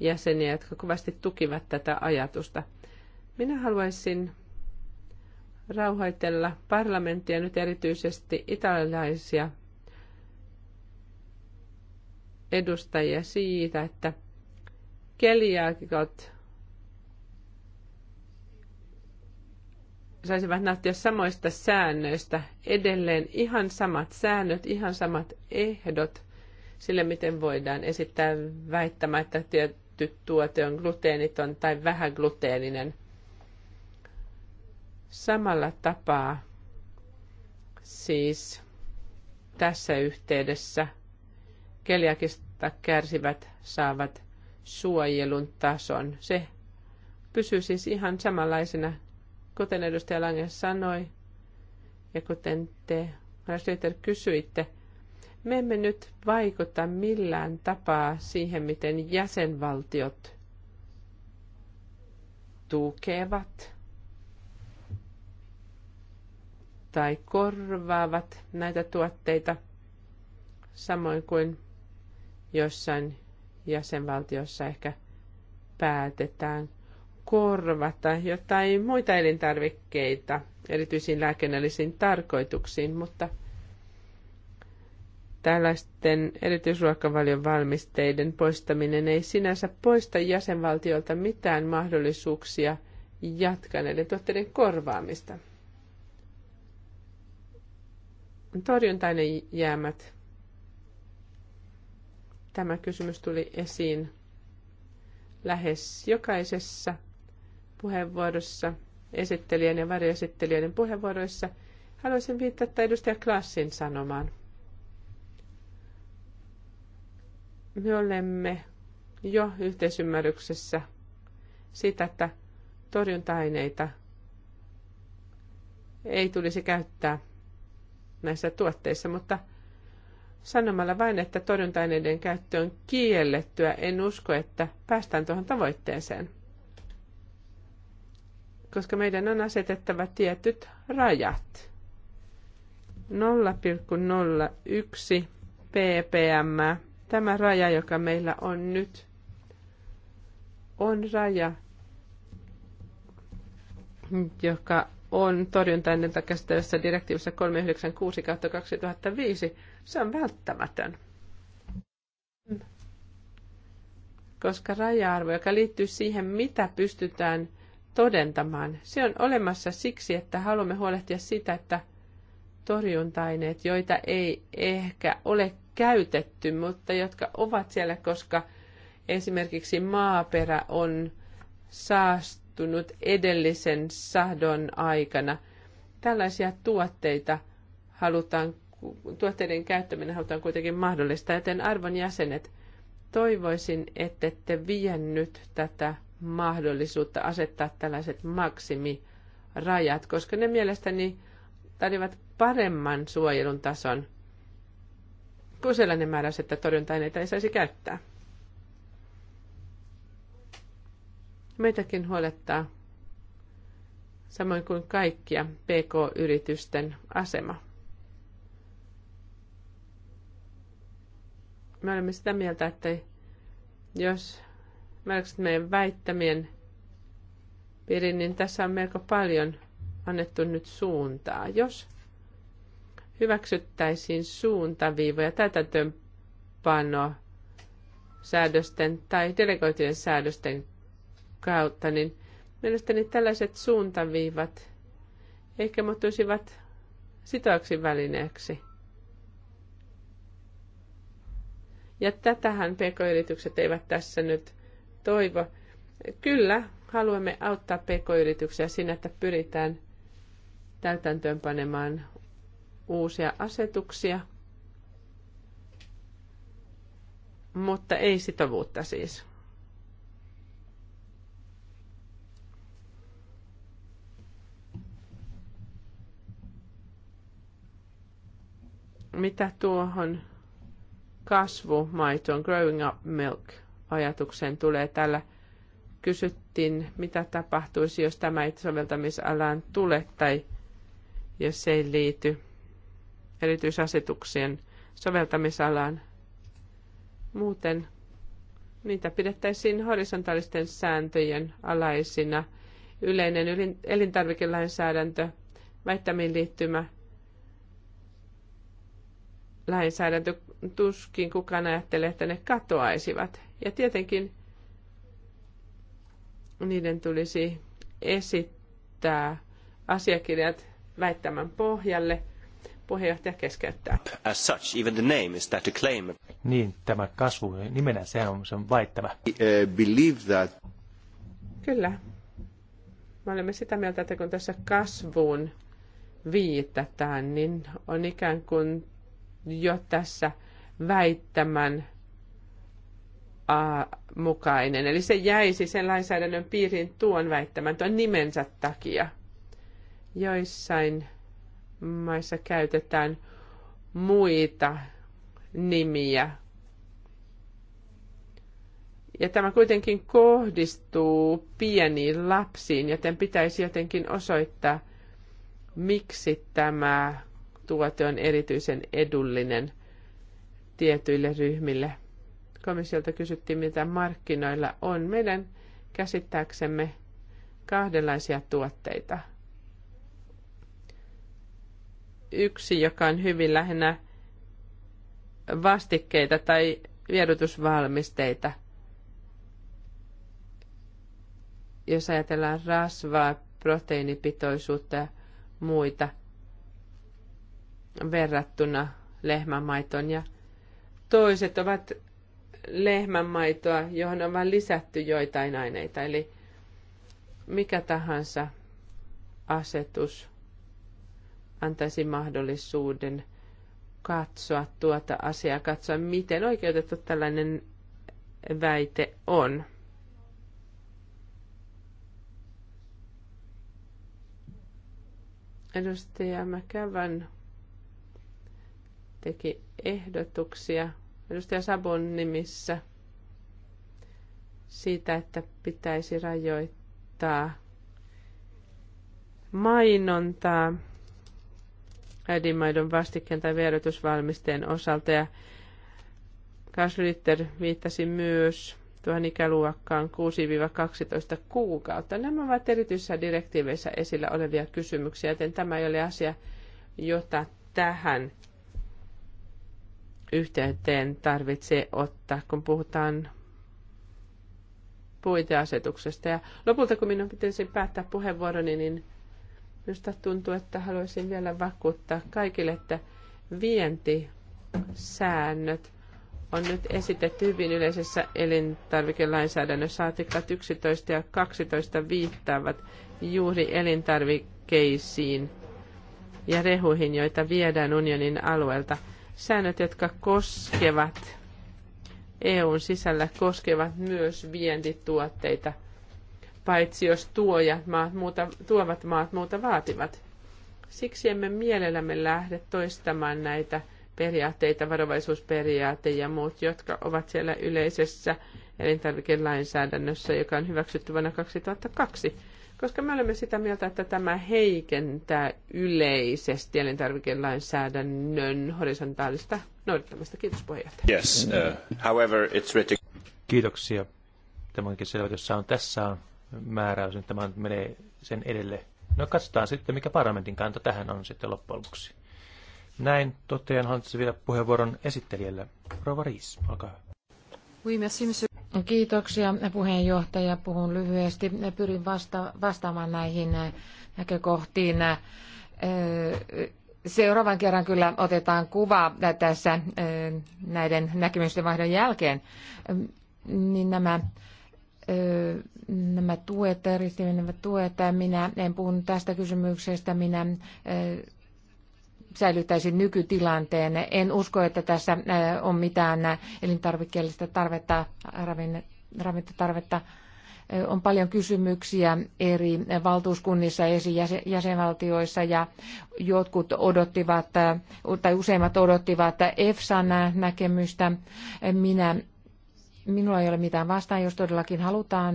jäseniä, jotka kovasti tukivat tätä ajatusta. Minä haluaisin rauhoitella parlamenttia nyt erityisesti italialaisia edustajia siitä, että keliaakikot saisivat nauttia samoista säännöistä, edelleen ihan samat säännöt, ihan samat ehdot sille, miten voidaan esittää väittämä, että tietty tuote on gluteeniton tai gluteeninen. Samalla tapaa siis tässä yhteydessä keliakista kärsivät saavat suojelun tason. Se pysyy siis ihan samanlaisena Kuten edustaja Lange sanoi, ja kuten te, Rasliiter, kysyitte, me emme nyt vaikuta millään tapaa siihen, miten jäsenvaltiot tukevat tai korvaavat näitä tuotteita, samoin kuin jossain jäsenvaltiossa ehkä päätetään – korvata jotain muita elintarvikkeita erityisiin lääkinnällisiin tarkoituksiin, mutta tällaisten erityisruokavalion valmisteiden poistaminen ei sinänsä poista jäsenvaltiolta mitään mahdollisuuksia jatkaa näiden tuotteiden korvaamista. Torjuntainen jäämät. Tämä kysymys tuli esiin lähes jokaisessa puheenvuorossa, esittelijän ja varjoesittelijöiden puheenvuoroissa, haluaisin viitata edustaja Klassin sanomaan. Me olemme jo yhteisymmärryksessä sitä, että torjunta-aineita ei tulisi käyttää näissä tuotteissa, mutta sanomalla vain, että torjunta-aineiden käyttö on kiellettyä, en usko, että päästään tuohon tavoitteeseen koska meidän on asetettava tietyt rajat. 0,01 ppm. Tämä raja, joka meillä on nyt, on raja, joka on torjunta ennen käsittelyssä direktiivissä 396-2005. Se on välttämätön. Koska raja-arvo, joka liittyy siihen, mitä pystytään – todentamaan. Se on olemassa siksi, että haluamme huolehtia sitä, että torjunta-aineet, joita ei ehkä ole käytetty, mutta jotka ovat siellä, koska esimerkiksi maaperä on saastunut edellisen sadon aikana. Tällaisia tuotteita halutaan, tuotteiden käyttäminen halutaan kuitenkin mahdollista, joten arvon jäsenet, toivoisin, että viennyt tätä mahdollisuutta asettaa tällaiset maksimirajat, koska ne mielestäni tarjoavat paremman suojelun tason kuin sellainen määrä, että torjunta-aineita ei saisi käyttää. Meitäkin huolettaa samoin kuin kaikkia PK-yritysten asema. Me olemme sitä mieltä, että jos meidän väittämien piirin, niin tässä on melko paljon annettu nyt suuntaa. Jos hyväksyttäisiin suuntaviivoja täytäntöönpano säädösten tai delegoitujen säädösten kautta, niin mielestäni tällaiset suuntaviivat ehkä muuttuisivat sitoaksi välineeksi. Ja tätähän pk-yritykset eivät tässä nyt toivo. Kyllä, haluamme auttaa pk-yrityksiä siinä, että pyritään täytäntöönpanemaan uusia asetuksia, mutta ei sitovuutta siis. Mitä tuohon kasvumaitoon, growing up milk – ajatukseen tulee. Täällä kysyttiin, mitä tapahtuisi, jos tämä ei soveltamisalaan tule tai jos se ei liity erityisasetuksien soveltamisalaan. Muuten niitä pidettäisiin horisontaalisten sääntöjen alaisina. Yleinen elintarvikelainsäädäntö, väittämiin liittymä lainsäädäntö, tuskin kukaan ajattelee, että ne katoaisivat. Ja tietenkin niiden tulisi esittää asiakirjat väittämän pohjalle. Puheenjohtaja keskeyttää. As such, even the name is that a claim. Niin, tämä kasvu nimenä, sehän on, se on väittämä. Eh, believe that. Kyllä. Me olemme sitä mieltä, että kun tässä kasvuun viitataan, niin on ikään kuin jo tässä väittämän mukainen. Eli se jäisi sen lainsäädännön piiriin tuon väittämän tuon nimensä takia. Joissain maissa käytetään muita nimiä. Ja tämä kuitenkin kohdistuu pieniin lapsiin, joten pitäisi jotenkin osoittaa, miksi tämä tuote on erityisen edullinen tietyille ryhmille – komissiolta kysyttiin, mitä markkinoilla on. Meidän käsittääksemme kahdenlaisia tuotteita. Yksi, joka on hyvin lähinnä vastikkeita tai viedutusvalmisteita, Jos ajatellaan rasvaa, proteiinipitoisuutta ja muita verrattuna lehmämaitoon. Ja toiset ovat lehmänmaitoa, johon on vain lisätty joitain aineita. Eli mikä tahansa asetus antaisi mahdollisuuden katsoa tuota asiaa, katsoa miten oikeutettu tällainen väite on. Edustaja Mäkävän teki ehdotuksia edustaja Sabon nimissä siitä, että pitäisi rajoittaa mainontaa äidinmaidon vastikkeen tai vierotusvalmisteen osalta. Ja Kaslitter viittasi myös tuohon ikäluokkaan 6-12 kuukautta. Nämä ovat erityisissä direktiiveissä esillä olevia kysymyksiä, joten tämä ei ole asia, jota tähän yhteyteen tarvitse ottaa, kun puhutaan puiteasetuksesta. Ja lopulta, kun minun pitäisi päättää puheenvuoroni, niin minusta tuntuu, että haluaisin vielä vakuuttaa kaikille, että vientisäännöt on nyt esitetty hyvin yleisessä elintarvikelainsäädännössä. Artiklat 11 ja 12 viittaavat juuri elintarvikkeisiin ja rehuihin, joita viedään unionin alueelta – Säännöt, jotka koskevat EUn sisällä, koskevat myös vientituotteita, paitsi jos tuojat maat muuta, tuovat maat muuta vaativat. Siksi emme mielellämme lähde toistamaan näitä periaatteita, varovaisuusperiaate ja muut, jotka ovat siellä yleisessä elintarvikelainsäädännössä, joka on hyväksytty vuonna 2002 koska me olemme sitä mieltä, että tämä heikentää yleisesti elintarvikelainsäädännön horisontaalista noudattamista. Kiitos puheenjohtaja. Yes, uh, however, it's written... Kiitoksia. Tämänkin selvityssä on tässä on määräys, niin tämä menee sen edelle. No katsotaan sitten, mikä parlamentin kanta tähän on sitten loppujen lopuksi. Näin totean hallitsen vielä puheenvuoron esittelijälle. Rova Riis, olkaa hyvä. Oui, merci, monsieur. Kiitoksia puheenjohtaja. Puhun lyhyesti. Pyrin vasta- vastaamaan näihin näkökohtiin. Seuraavan kerran kyllä otetaan kuva tässä näiden näkemysten vaihdon jälkeen. Niin nämä nämä tuet, ristimenevät tuet. Minä en puhunut tästä kysymyksestä, minä säilyttäisi nykytilanteen. En usko, että tässä äh, on mitään elintarvikkeellista tarvetta, ravintotarvetta. Äh, on paljon kysymyksiä eri valtuuskunnissa, ja jäsenvaltioissa ja jotkut odottivat, äh, tai useimmat odottivat EFSAn näkemystä. Minä, minulla ei ole mitään vastaan, jos todellakin halutaan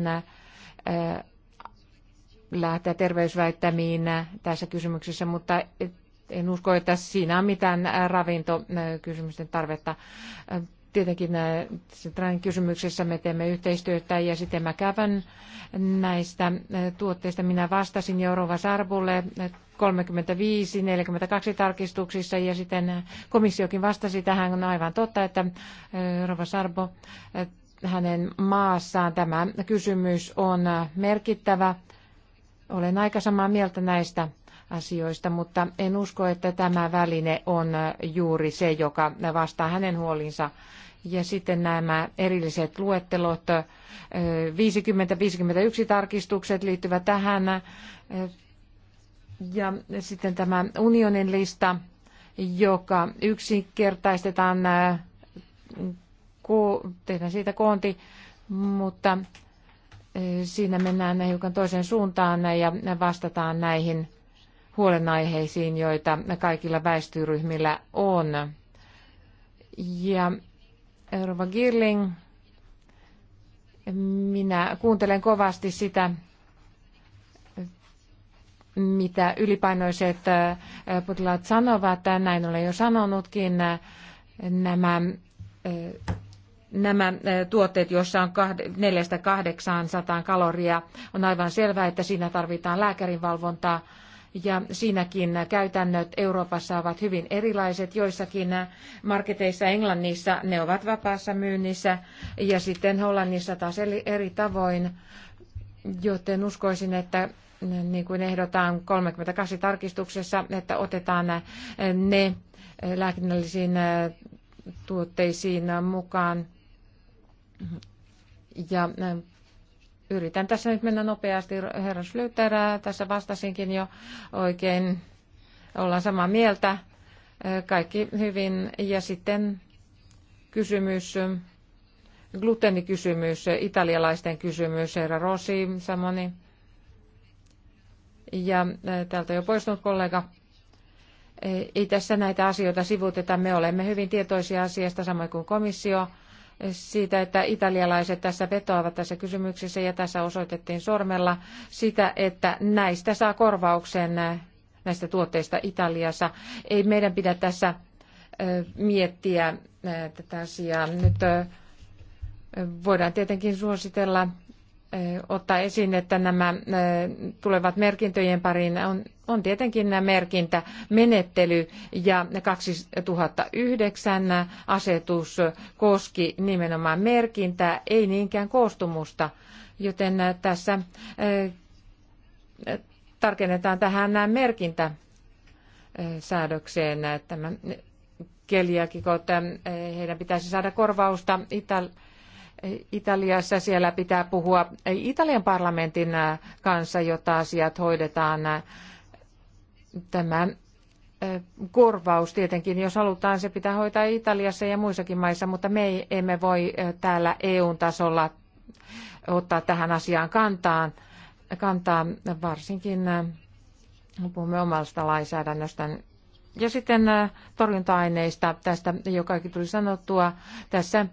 lähteä terveysväittämiin tässä kysymyksessä, mutta en usko, että siinä on mitään ravintokysymysten tarvetta. Tietenkin äh, Sitran kysymyksessä me teemme yhteistyötä ja sitten mä kävän näistä äh, tuotteista. Minä vastasin Jourova Sarbulle 35-42 äh, tarkistuksissa ja sitten komissiokin vastasi tähän. On aivan totta, että Jourova Sarbo hänen maassaan tämä kysymys on merkittävä. Olen aika samaa mieltä näistä asioista, mutta en usko, että tämä väline on juuri se, joka vastaa hänen huolinsa. Ja sitten nämä erilliset luettelot, 50-51 tarkistukset liittyvät tähän. Ja sitten tämä unionin lista, joka yksinkertaistetaan, tehdään siitä koonti, mutta siinä mennään hiukan toiseen suuntaan ja vastataan näihin huolenaiheisiin, joita kaikilla väestöryhmillä on. Ja Rova Girling, minä kuuntelen kovasti sitä, mitä ylipainoiset äh, potilaat sanovat. Näin olen jo sanonutkin. Nämä, äh, nämä äh, tuotteet, joissa on 400-800 kaloria, on aivan selvää, että siinä tarvitaan lääkärin valvontaa ja siinäkin käytännöt Euroopassa ovat hyvin erilaiset. Joissakin marketeissa Englannissa ne ovat vapaassa myynnissä ja sitten Hollannissa taas eri tavoin, joten uskoisin, että niin kuin ehdotaan 32 tarkistuksessa, että otetaan ne lääkinnällisiin tuotteisiin mukaan ja yritän tässä nyt mennä nopeasti. Herra Schlüter, tässä vastasinkin jo oikein. Ollaan samaa mieltä. Kaikki hyvin. Ja sitten kysymys, gluteenikysymys, italialaisten kysymys, herra Rossi, samoni. Ja täältä jo poistunut kollega ei tässä näitä asioita sivuteta. Me olemme hyvin tietoisia asiasta, samoin kuin komissio siitä, että italialaiset tässä vetoavat tässä kysymyksessä ja tässä osoitettiin sormella sitä, että näistä saa korvauksen näistä tuotteista Italiassa. Ei meidän pidä tässä miettiä tätä asiaa. Nyt voidaan tietenkin suositella ottaa esiin, että nämä tulevat merkintöjen pariin on, on tietenkin merkintämenettely ja 2009 asetus koski nimenomaan merkintää, ei niinkään koostumusta, joten tässä tarkennetaan tähän nämä merkintäsäädökseen. Tämä keliakikot, heidän pitäisi saada korvausta Italiassa Italiassa siellä pitää puhua Italian parlamentin äh, kanssa, jotta asiat hoidetaan. Tämä äh, korvaus tietenkin, jos halutaan, se pitää hoitaa Italiassa ja muissakin maissa, mutta me emme voi äh, täällä EU-tasolla ottaa tähän asiaan kantaa, kantaa varsinkin puhumme omasta lainsäädännöstä. Ja sitten torjunta-aineista, tästä jo kaikki tuli sanottua. Tässä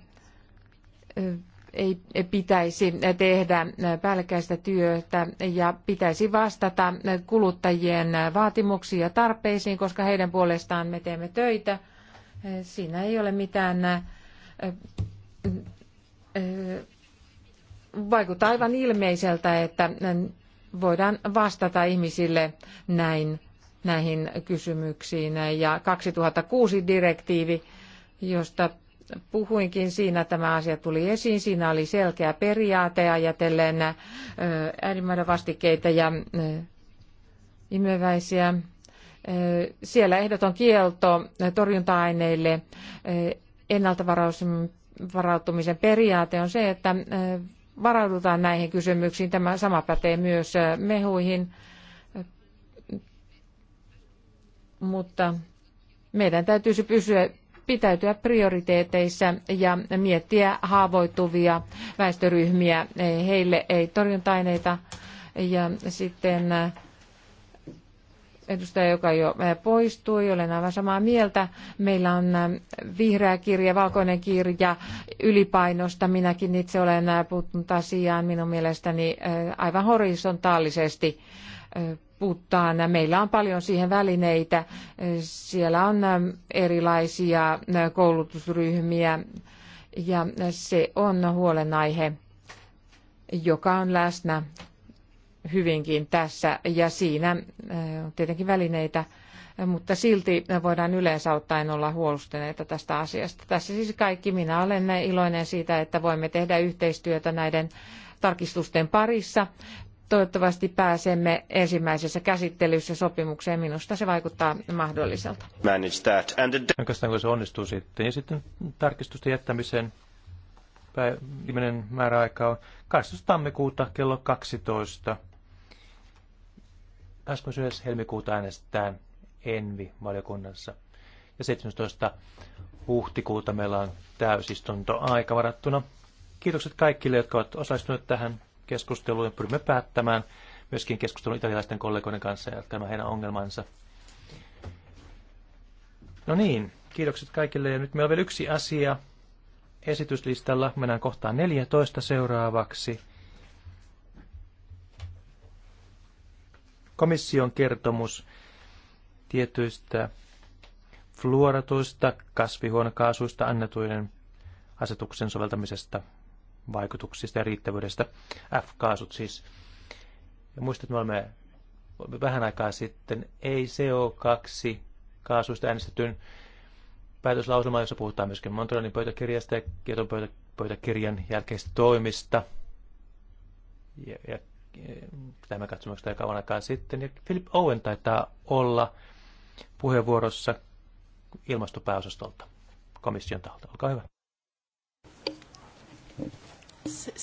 ei pitäisi tehdä päällekkäistä työtä ja pitäisi vastata kuluttajien vaatimuksiin ja tarpeisiin, koska heidän puolestaan me teemme töitä. Siinä ei ole mitään vaikuttaa aivan ilmeiseltä, että voidaan vastata ihmisille näin näihin kysymyksiin. Ja 2006 direktiivi, josta puhuinkin siinä, tämä asia tuli esiin. Siinä oli selkeä periaate ajatellen äärimmäinen vastikkeita ja imeväisiä. Siellä ehdoton kielto torjunta-aineille ennaltavarautumisen periaate on se, että varaudutaan näihin kysymyksiin. Tämä sama pätee myös mehuihin, mutta meidän täytyisi pysyä, pitäytyä prioriteeteissa ja miettiä haavoittuvia väestöryhmiä. Heille ei torjunta-aineita ja sitten eh, edustaja, joka jo eh, poistui, olen aivan samaa mieltä. Meillä on eh, vihreä kirja, valkoinen kirja ylipainosta. Minäkin itse olen puuttunut asiaan minun mielestäni aivan horisontaalisesti puuttaan. Meillä on paljon siihen välineitä. Siellä on erilaisia koulutusryhmiä ja se on huolenaihe, joka on läsnä hyvinkin tässä ja siinä eh, on tietenkin välineitä, mutta silti voidaan yleensä ottaen olla huolustuneita tästä asiasta. Tässä siis kaikki. Minä olen iloinen siitä, että voimme tehdä yhteistyötä näiden tarkistusten parissa. Toivottavasti pääsemme ensimmäisessä käsittelyssä sopimukseen. Minusta se vaikuttaa mahdolliselta. Oikeastaan kun se onnistuu sitten. Ja sitten tarkistusten jättämisen viimeinen määräaika on 8. tammikuuta kello 12. 29. helmikuuta äänestetään Envi-valiokunnassa. Ja 17. huhtikuuta meillä on täysistunto aika varattuna. Kiitokset kaikille, jotka ovat osallistuneet tähän keskusteluun ja pyrimme päättämään myöskin keskustelun italialaisten kollegoiden kanssa ja jatkamaan heidän ongelmansa. No niin, kiitokset kaikille. Ja nyt meillä on vielä yksi asia esityslistalla. Mennään kohtaan 14 seuraavaksi. Komission kertomus tietyistä fluoratuista kasvihuonekaasuista annetuiden asetuksen soveltamisesta vaikutuksista ja riittävyydestä. F-kaasut siis. Ja muistat, että me olemme vähän aikaa sitten ei CO2 kaasuista äänestetyn päätöslauselma, jossa puhutaan myöskin Montrealin pöytäkirjasta ja Kieton pöytä, pöytäkirjan jälkeistä toimista. Ja, ja, ja me katsomme sitä kauan aikaa sitten. Ja Philip Owen taitaa olla puheenvuorossa ilmastopääosastolta komission taholta. Olkaa hyvä.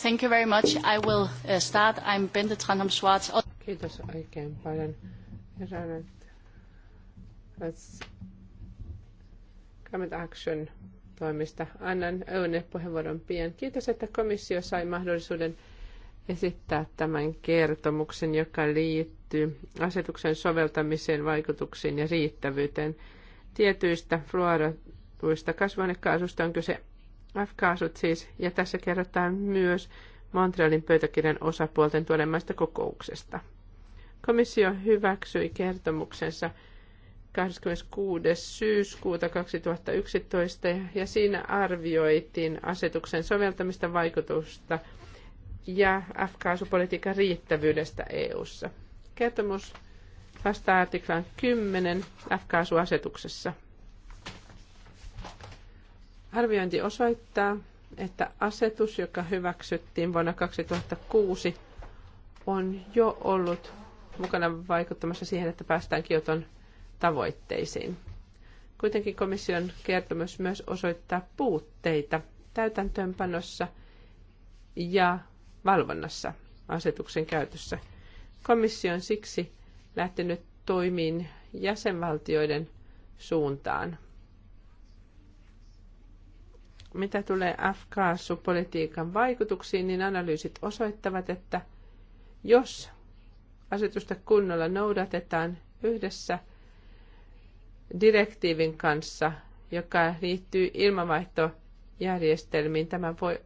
Thank you very much. I will uh, start. I'm Bente Tranholm Schwarz. Kiitos oikein paljon. Climate Action toimista. Annan Öune puheenvuoron pian. Kiitos, että komissio sai mahdollisuuden esittää tämän kertomuksen, joka liittyy asetuksen soveltamiseen, vaikutuksiin ja riittävyyteen. Tietyistä fluoratuista kasvainekaasusta on kyse F-kaasut siis, ja tässä kerrotaan myös Montrealin pöytäkirjan osapuolten tuoremmasta kokouksesta. Komissio hyväksyi kertomuksensa 26. syyskuuta 2011 ja siinä arvioitiin asetuksen soveltamista vaikutusta ja F-kaasupolitiikan riittävyydestä EU:ssa. Kertomus vastaa artiklan 10 F-kaasuasetuksessa. Arviointi osoittaa, että asetus, joka hyväksyttiin vuonna 2006, on jo ollut mukana vaikuttamassa siihen, että päästään Kioton tavoitteisiin. Kuitenkin komission kertomus myös osoittaa puutteita täytäntöönpanossa ja valvonnassa asetuksen käytössä. Komissio on siksi lähtenyt toimiin jäsenvaltioiden suuntaan mitä tulee F-kaasupolitiikan vaikutuksiin, niin analyysit osoittavat, että jos asetusta kunnolla noudatetaan yhdessä direktiivin kanssa, joka liittyy ilmavaihtojärjestelmiin, tämä voi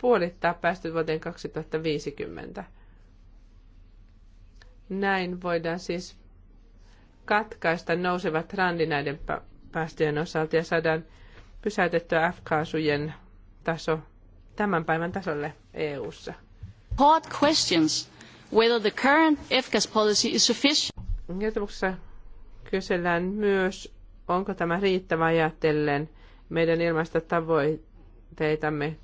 puolittaa päästöt vuoteen 2050. Näin voidaan siis katkaista nouseva trendi näiden päästöjen osalta ja saadaan pysäytettyä F-kaasujen taso tämän päivän tasolle EU:ssa. Hard questions whether the current policy is sufficient. Kertomuksessa kysellään myös, onko tämä riittävä ajatellen meidän ilmaista tavoitteitamme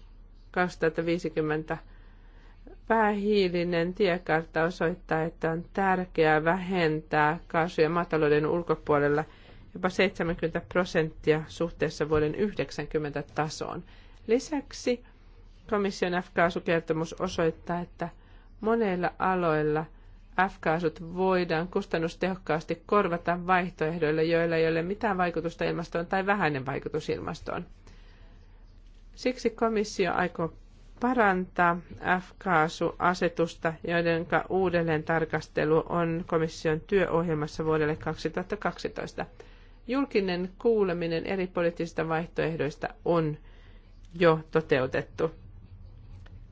2050 päähiilinen tiekartta osoittaa, että on tärkeää vähentää kaasuja maatalouden ulkopuolella – jopa 70 prosenttia suhteessa vuoden 90 tasoon. Lisäksi komission F-kaasukertomus osoittaa, että monella aloilla F-kaasut voidaan kustannustehokkaasti korvata vaihtoehdoilla, joilla ei ole mitään vaikutusta ilmastoon tai vähäinen vaikutus ilmastoon. Siksi komissio aikoo parantaa F-kaasuasetusta, joiden uudelleen tarkastelu on komission työohjelmassa vuodelle 2012. Julkinen kuuleminen eri poliittisista vaihtoehdoista on jo toteutettu.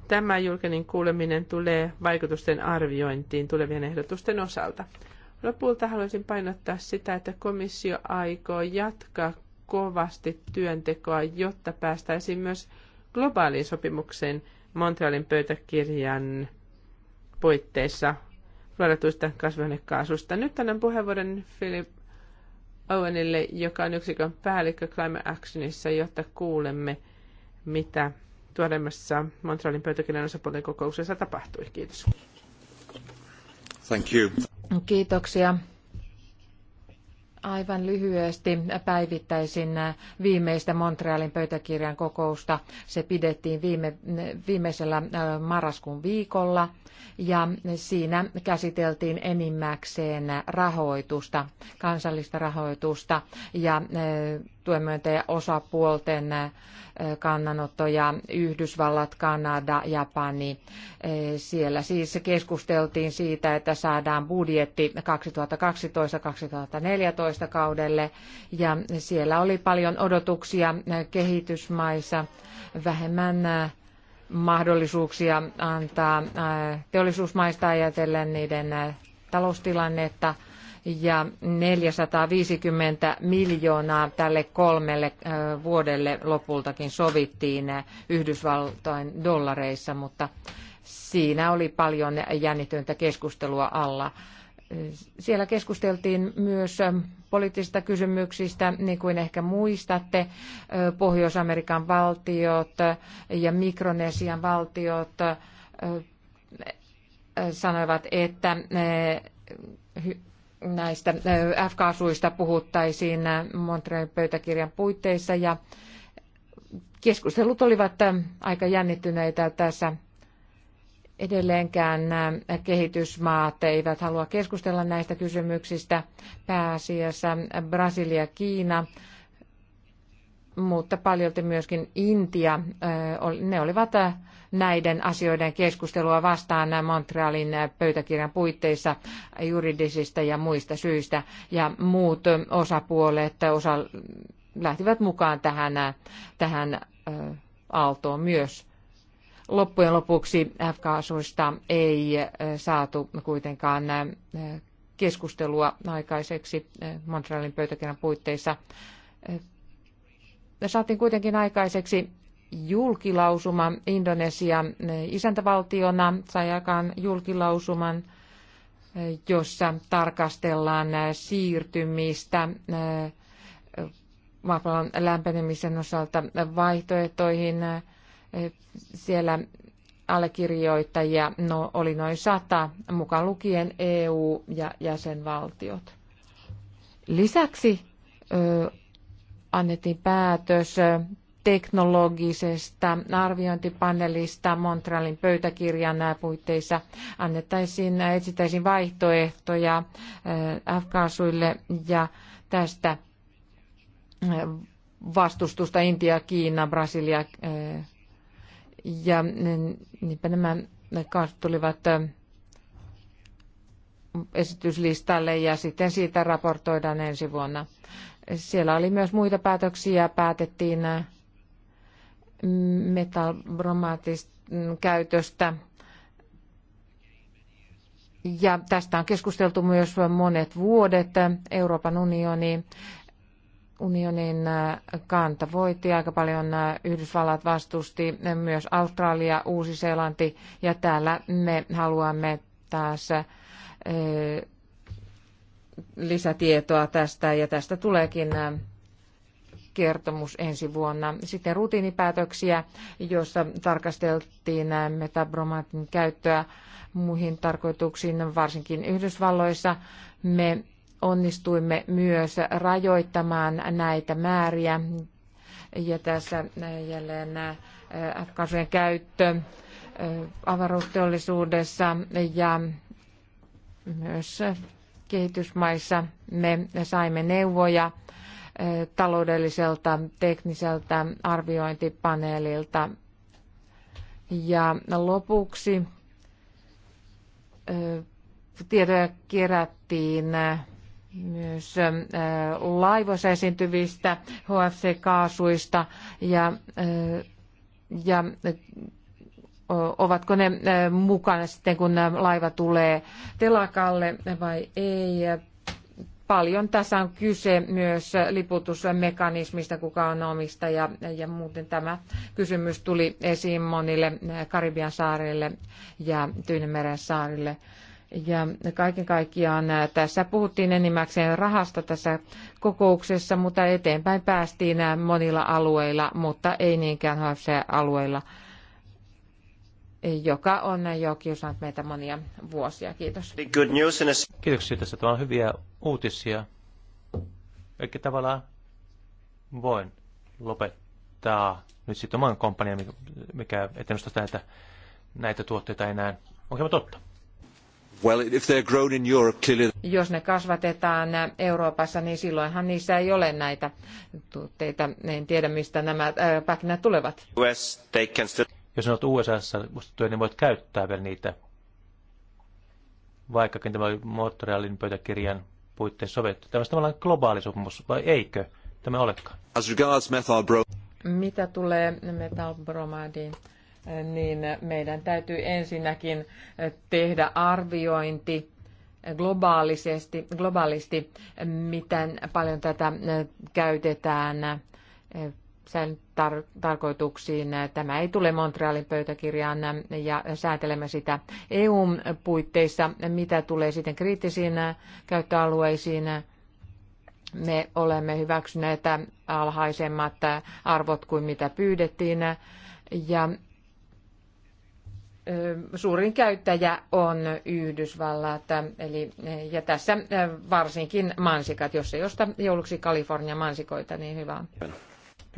Tämä julkinen kuuleminen tulee vaikutusten arviointiin tulevien ehdotusten osalta. Lopulta haluaisin painottaa sitä, että komissio aikoo jatkaa kovasti työntekoa, jotta päästäisiin myös globaaliin sopimukseen Montrealin pöytäkirjan puitteissa luodetuista kasvihuonekaasusta. Nyt annan puheenvuoron Philip Owenille, joka on yksikön päällikkö Climate Actionissa, jotta kuulemme, mitä tuoreimmassa Montrealin pöytäkirjan osapuolten kokouksessa tapahtui. Kiitos. Thank you. Kiitoksia. Aivan lyhyesti päivittäisin viimeistä Montrealin pöytäkirjan kokousta. Se pidettiin viime, viimeisellä marraskuun viikolla ja siinä käsiteltiin enimmäkseen rahoitusta, kansallista rahoitusta ja tuen osapuolten kannanottoja, Yhdysvallat, Kanada, Japani. Siellä siis keskusteltiin siitä, että saadaan budjetti 2012-2014 kaudelle ja siellä oli paljon odotuksia kehitysmaissa, vähemmän mahdollisuuksia antaa teollisuusmaista ajatellen niiden taloustilannetta – ja 450 miljoonaa tälle kolmelle vuodelle lopultakin sovittiin Yhdysvaltain dollareissa, mutta siinä oli paljon jännityntä keskustelua alla. Siellä keskusteltiin myös poliittisista kysymyksistä, niin kuin ehkä muistatte, Pohjois-Amerikan valtiot ja Mikronesian valtiot sanoivat, että näistä äh, F-kaasuista puhuttaisiin äh, Montrealin pöytäkirjan puitteissa ja keskustelut olivat äh, aika jännittyneitä tässä. Edelleenkään kehitysmaat eivät halua keskustella näistä kysymyksistä. Pääasiassa Brasilia ja Kiina mutta paljolti myöskin Intia, ne olivat näiden asioiden keskustelua vastaan Montrealin pöytäkirjan puitteissa juridisista ja muista syistä. Ja muut osapuolet osa, lähtivät mukaan tähän, tähän aaltoon myös. Loppujen lopuksi F-kaasuista ei saatu kuitenkaan keskustelua aikaiseksi Montrealin pöytäkirjan puitteissa saatiin kuitenkin aikaiseksi julkilausuma Indonesia eh, isäntävaltiona sai aikaan julkilausuman, eh, jossa tarkastellaan eh, siirtymistä maapallon lämpenemisen osalta vaihtoehtoihin. Siellä allekirjoittajia no, oli noin sata, mukaan lukien EU ja jäsenvaltiot. Lisäksi annettiin päätös teknologisesta arviointipaneelista Montrealin pöytäkirjan puitteissa annettaisiin, etsittäisiin vaihtoehtoja F-kaasuille ja tästä vastustusta Intia, Kiina, Brasilia ja niinpä nämä kaasut tulivat esityslistalle ja sitten siitä raportoidaan ensi vuonna. Siellä oli myös muita päätöksiä. Päätettiin äh, metallbromaattista mm, käytöstä. Ja tästä on keskusteltu myös monet vuodet. Euroopan unioni, unionin äh, kanta voitti aika paljon. Äh, Yhdysvallat vastusti myös Australia, Uusi-Seelanti ja täällä me haluamme taas lisätietoa tästä ja tästä tuleekin äh, kertomus ensi vuonna. Sitten rutiinipäätöksiä, joissa tarkasteltiin äh, metabromatin käyttöä muihin tarkoituksiin, varsinkin Yhdysvalloissa. Me onnistuimme myös rajoittamaan näitä määriä. Ja tässä äh, jälleen F-kasujen käyttö avaruusteollisuudessa ja myös kehitysmaissa me saimme neuvoja taloudelliselta tekniseltä arviointipaneelilta. Ja lopuksi tietoja kerättiin myös laivoissa esiintyvistä HFC-kaasuista ja, ja ovatko ne mukana sitten, kun laiva tulee telakalle vai ei. Paljon tässä on kyse myös liputusmekanismista, kuka on omistaja, ja muuten tämä kysymys tuli esiin monille Karibian saarille ja Tyynemeren saarille. Ja kaiken kaikkiaan tässä puhuttiin enimmäkseen rahasta tässä kokouksessa, mutta eteenpäin päästiin monilla alueilla, mutta ei niinkään HFC-alueilla joka on jo kiusannut meitä monia vuosia. Kiitos. Good news in a... Kiitoksia tästä. Tämä on hyviä uutisia. Eikä tavallaan voin lopettaa nyt sitten oman komppanian, mikä sitä, näitä, näitä tuotteita enää. Onko totta? Well, if they're grown in Europe, clearly... Jos ne kasvatetaan Euroopassa, niin silloinhan niissä ei ole näitä tuotteita. En tiedä, mistä nämä äh, pähkinät tulevat. US, they can still... Jos olet USA, ostettuja, niin voit käyttää vielä niitä. Vaikkakin tämä oli Montrealin pöytäkirjan puitteissa sovittu. Tämä on tavallaan globaali sopimus, vai eikö tämä olekaan? As regards Mitä tulee metalbromadiin? niin meidän täytyy ensinnäkin tehdä arviointi globaalisesti, globaalisti, miten paljon tätä käytetään sen tar- tarkoituksiin. Tämä ei tule Montrealin pöytäkirjaan ja säätelemme sitä eu puitteissa, mitä tulee sitten kriittisiin käyttöalueisiin. Me olemme hyväksyneet alhaisemmat arvot kuin mitä pyydettiin. Ja suurin käyttäjä on Yhdysvallat, eli, ja tässä varsinkin mansikat, jos ei osta jouluksi Kalifornian mansikoita, niin hyvä on.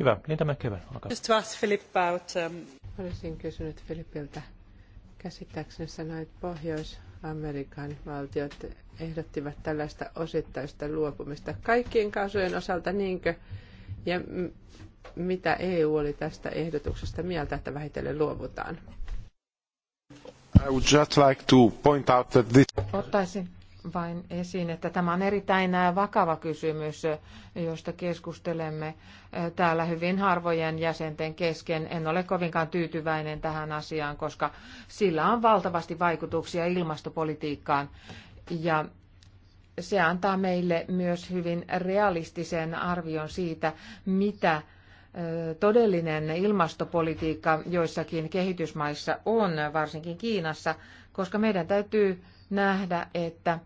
Hyvä, Linda niin McKeven, olkaa. Just to ask Philip about... Um... Olisin kysynyt Filipiltä. Käsittääkseni sanoit Pohjois-Amerikan valtiot ehdottivat tällaista osittaista luopumista kaikkien kaasujen osalta, niinkö? Ja mitä EU oli tästä ehdotuksesta mieltä, että vähitellen luovutaan? I would just like to point out that this... Ottaisin vain esiin, että tämä on erittäin vakava kysymys, josta keskustelemme täällä hyvin harvojen jäsenten kesken. En ole kovinkaan tyytyväinen tähän asiaan, koska sillä on valtavasti vaikutuksia ilmastopolitiikkaan ja se antaa meille myös hyvin realistisen arvion siitä, mitä todellinen ilmastopolitiikka joissakin kehitysmaissa on, varsinkin Kiinassa, koska meidän täytyy nähdä, että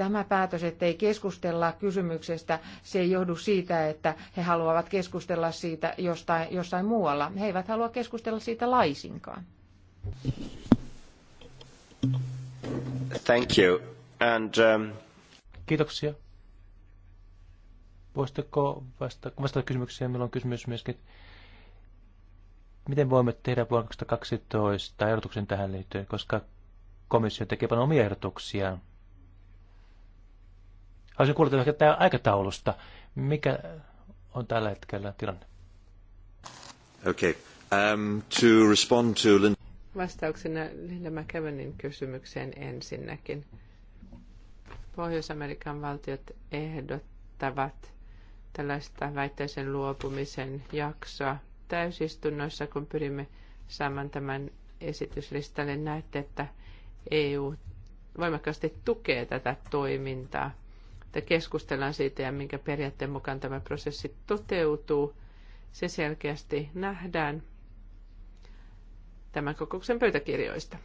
Tämä päätös, ettei keskustella kysymyksestä, se ei johdu siitä, että he haluavat keskustella siitä jostain, jossain muualla. He eivät halua keskustella siitä laisinkaan. Thank you. And, um... Kiitoksia. Voisitteko vastata, vastata kysymykseen? Meillä on kysymys myöskin, miten voimme tehdä vuonna 2012 ehdotuksen tähän liittyen, koska komissio tekee paljon omia ehdotuksiaan Haluaisin kuulla tästä tämä aikataulusta. Mikä on tällä hetkellä tilanne? Okay. Um, to respond to Lin- Vastauksena Linda McEvanin kysymykseen ensinnäkin. Pohjois-Amerikan valtiot ehdottavat tällaista väitteisen luopumisen jaksoa täysistunnoissa, kun pyrimme saamaan tämän esityslistalle. Näette, että EU voimakkaasti tukee tätä toimintaa että keskustellaan siitä ja minkä periaatteen mukaan tämä prosessi toteutuu. Se selkeästi nähdään tämän kokouksen pöytäkirjoista.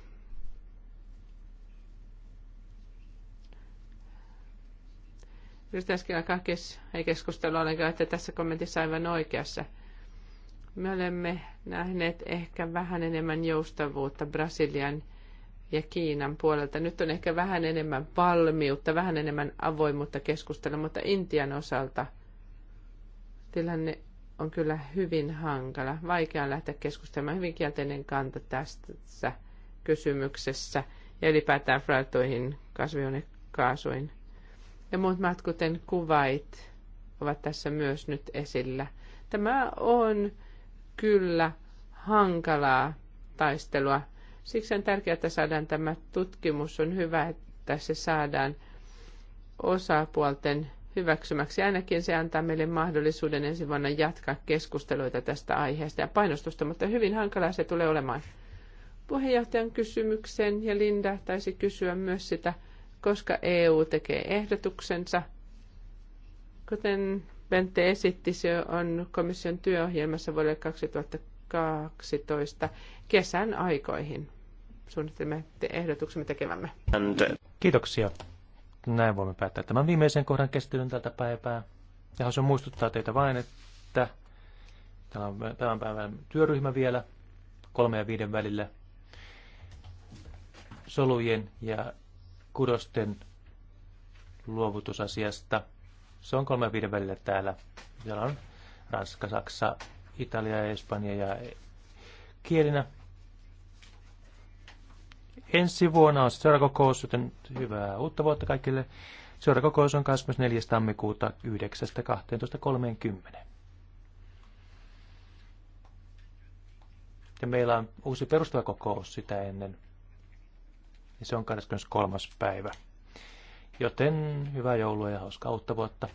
Yritäisikin alkaa kes- ei keskustella ollenkaan, että tässä kommentissa aivan oikeassa. Me olemme nähneet ehkä vähän enemmän joustavuutta Brasilian – ja Kiinan puolelta. Nyt on ehkä vähän enemmän valmiutta, vähän enemmän avoimuutta keskustella, mutta Intian osalta tilanne on kyllä hyvin hankala. Vaikea lähteä keskustelemaan. Hyvin kielteinen kanta tässä kysymyksessä ja ylipäätään flirtoihin kasvihuonekaasuihin. Ja muut maat, kuten kuvait, ovat tässä myös nyt esillä. Tämä on kyllä hankalaa taistelua Siksi on tärkeää, että saadaan tämä tutkimus. On hyvä, että se saadaan osapuolten hyväksymäksi. Ainakin se antaa meille mahdollisuuden ensi vuonna jatkaa keskusteluita tästä aiheesta ja painostusta, mutta hyvin hankalaa se tulee olemaan. Puheenjohtajan kysymyksen ja Linda taisi kysyä myös sitä, koska EU tekee ehdotuksensa. Kuten Bente esitti, se on komission työohjelmassa vuodelle 2012 kesän aikoihin suunnittelemme te ehdotuksemme tekevämme. Uh, Kiitoksia. Näin voimme päättää tämän viimeisen kohdan käsittelyn tältä päivää. Ja haluaisin muistuttaa teitä vain, että täällä on tämän päivän työryhmä vielä kolme ja viiden välillä solujen ja kudosten luovutusasiasta. Se on kolme ja viiden välillä täällä. Siellä on Ranska, Saksa, Italia, Espanja ja kielinä ensi vuonna on seuraava kokous, joten hyvää uutta vuotta kaikille. Seuraava kokous on 24. tammikuuta 9.12.30. Ja meillä on uusi kokous sitä ennen. Ja se on 23. päivä. Joten hyvää joulua ja hauskaa uutta vuotta.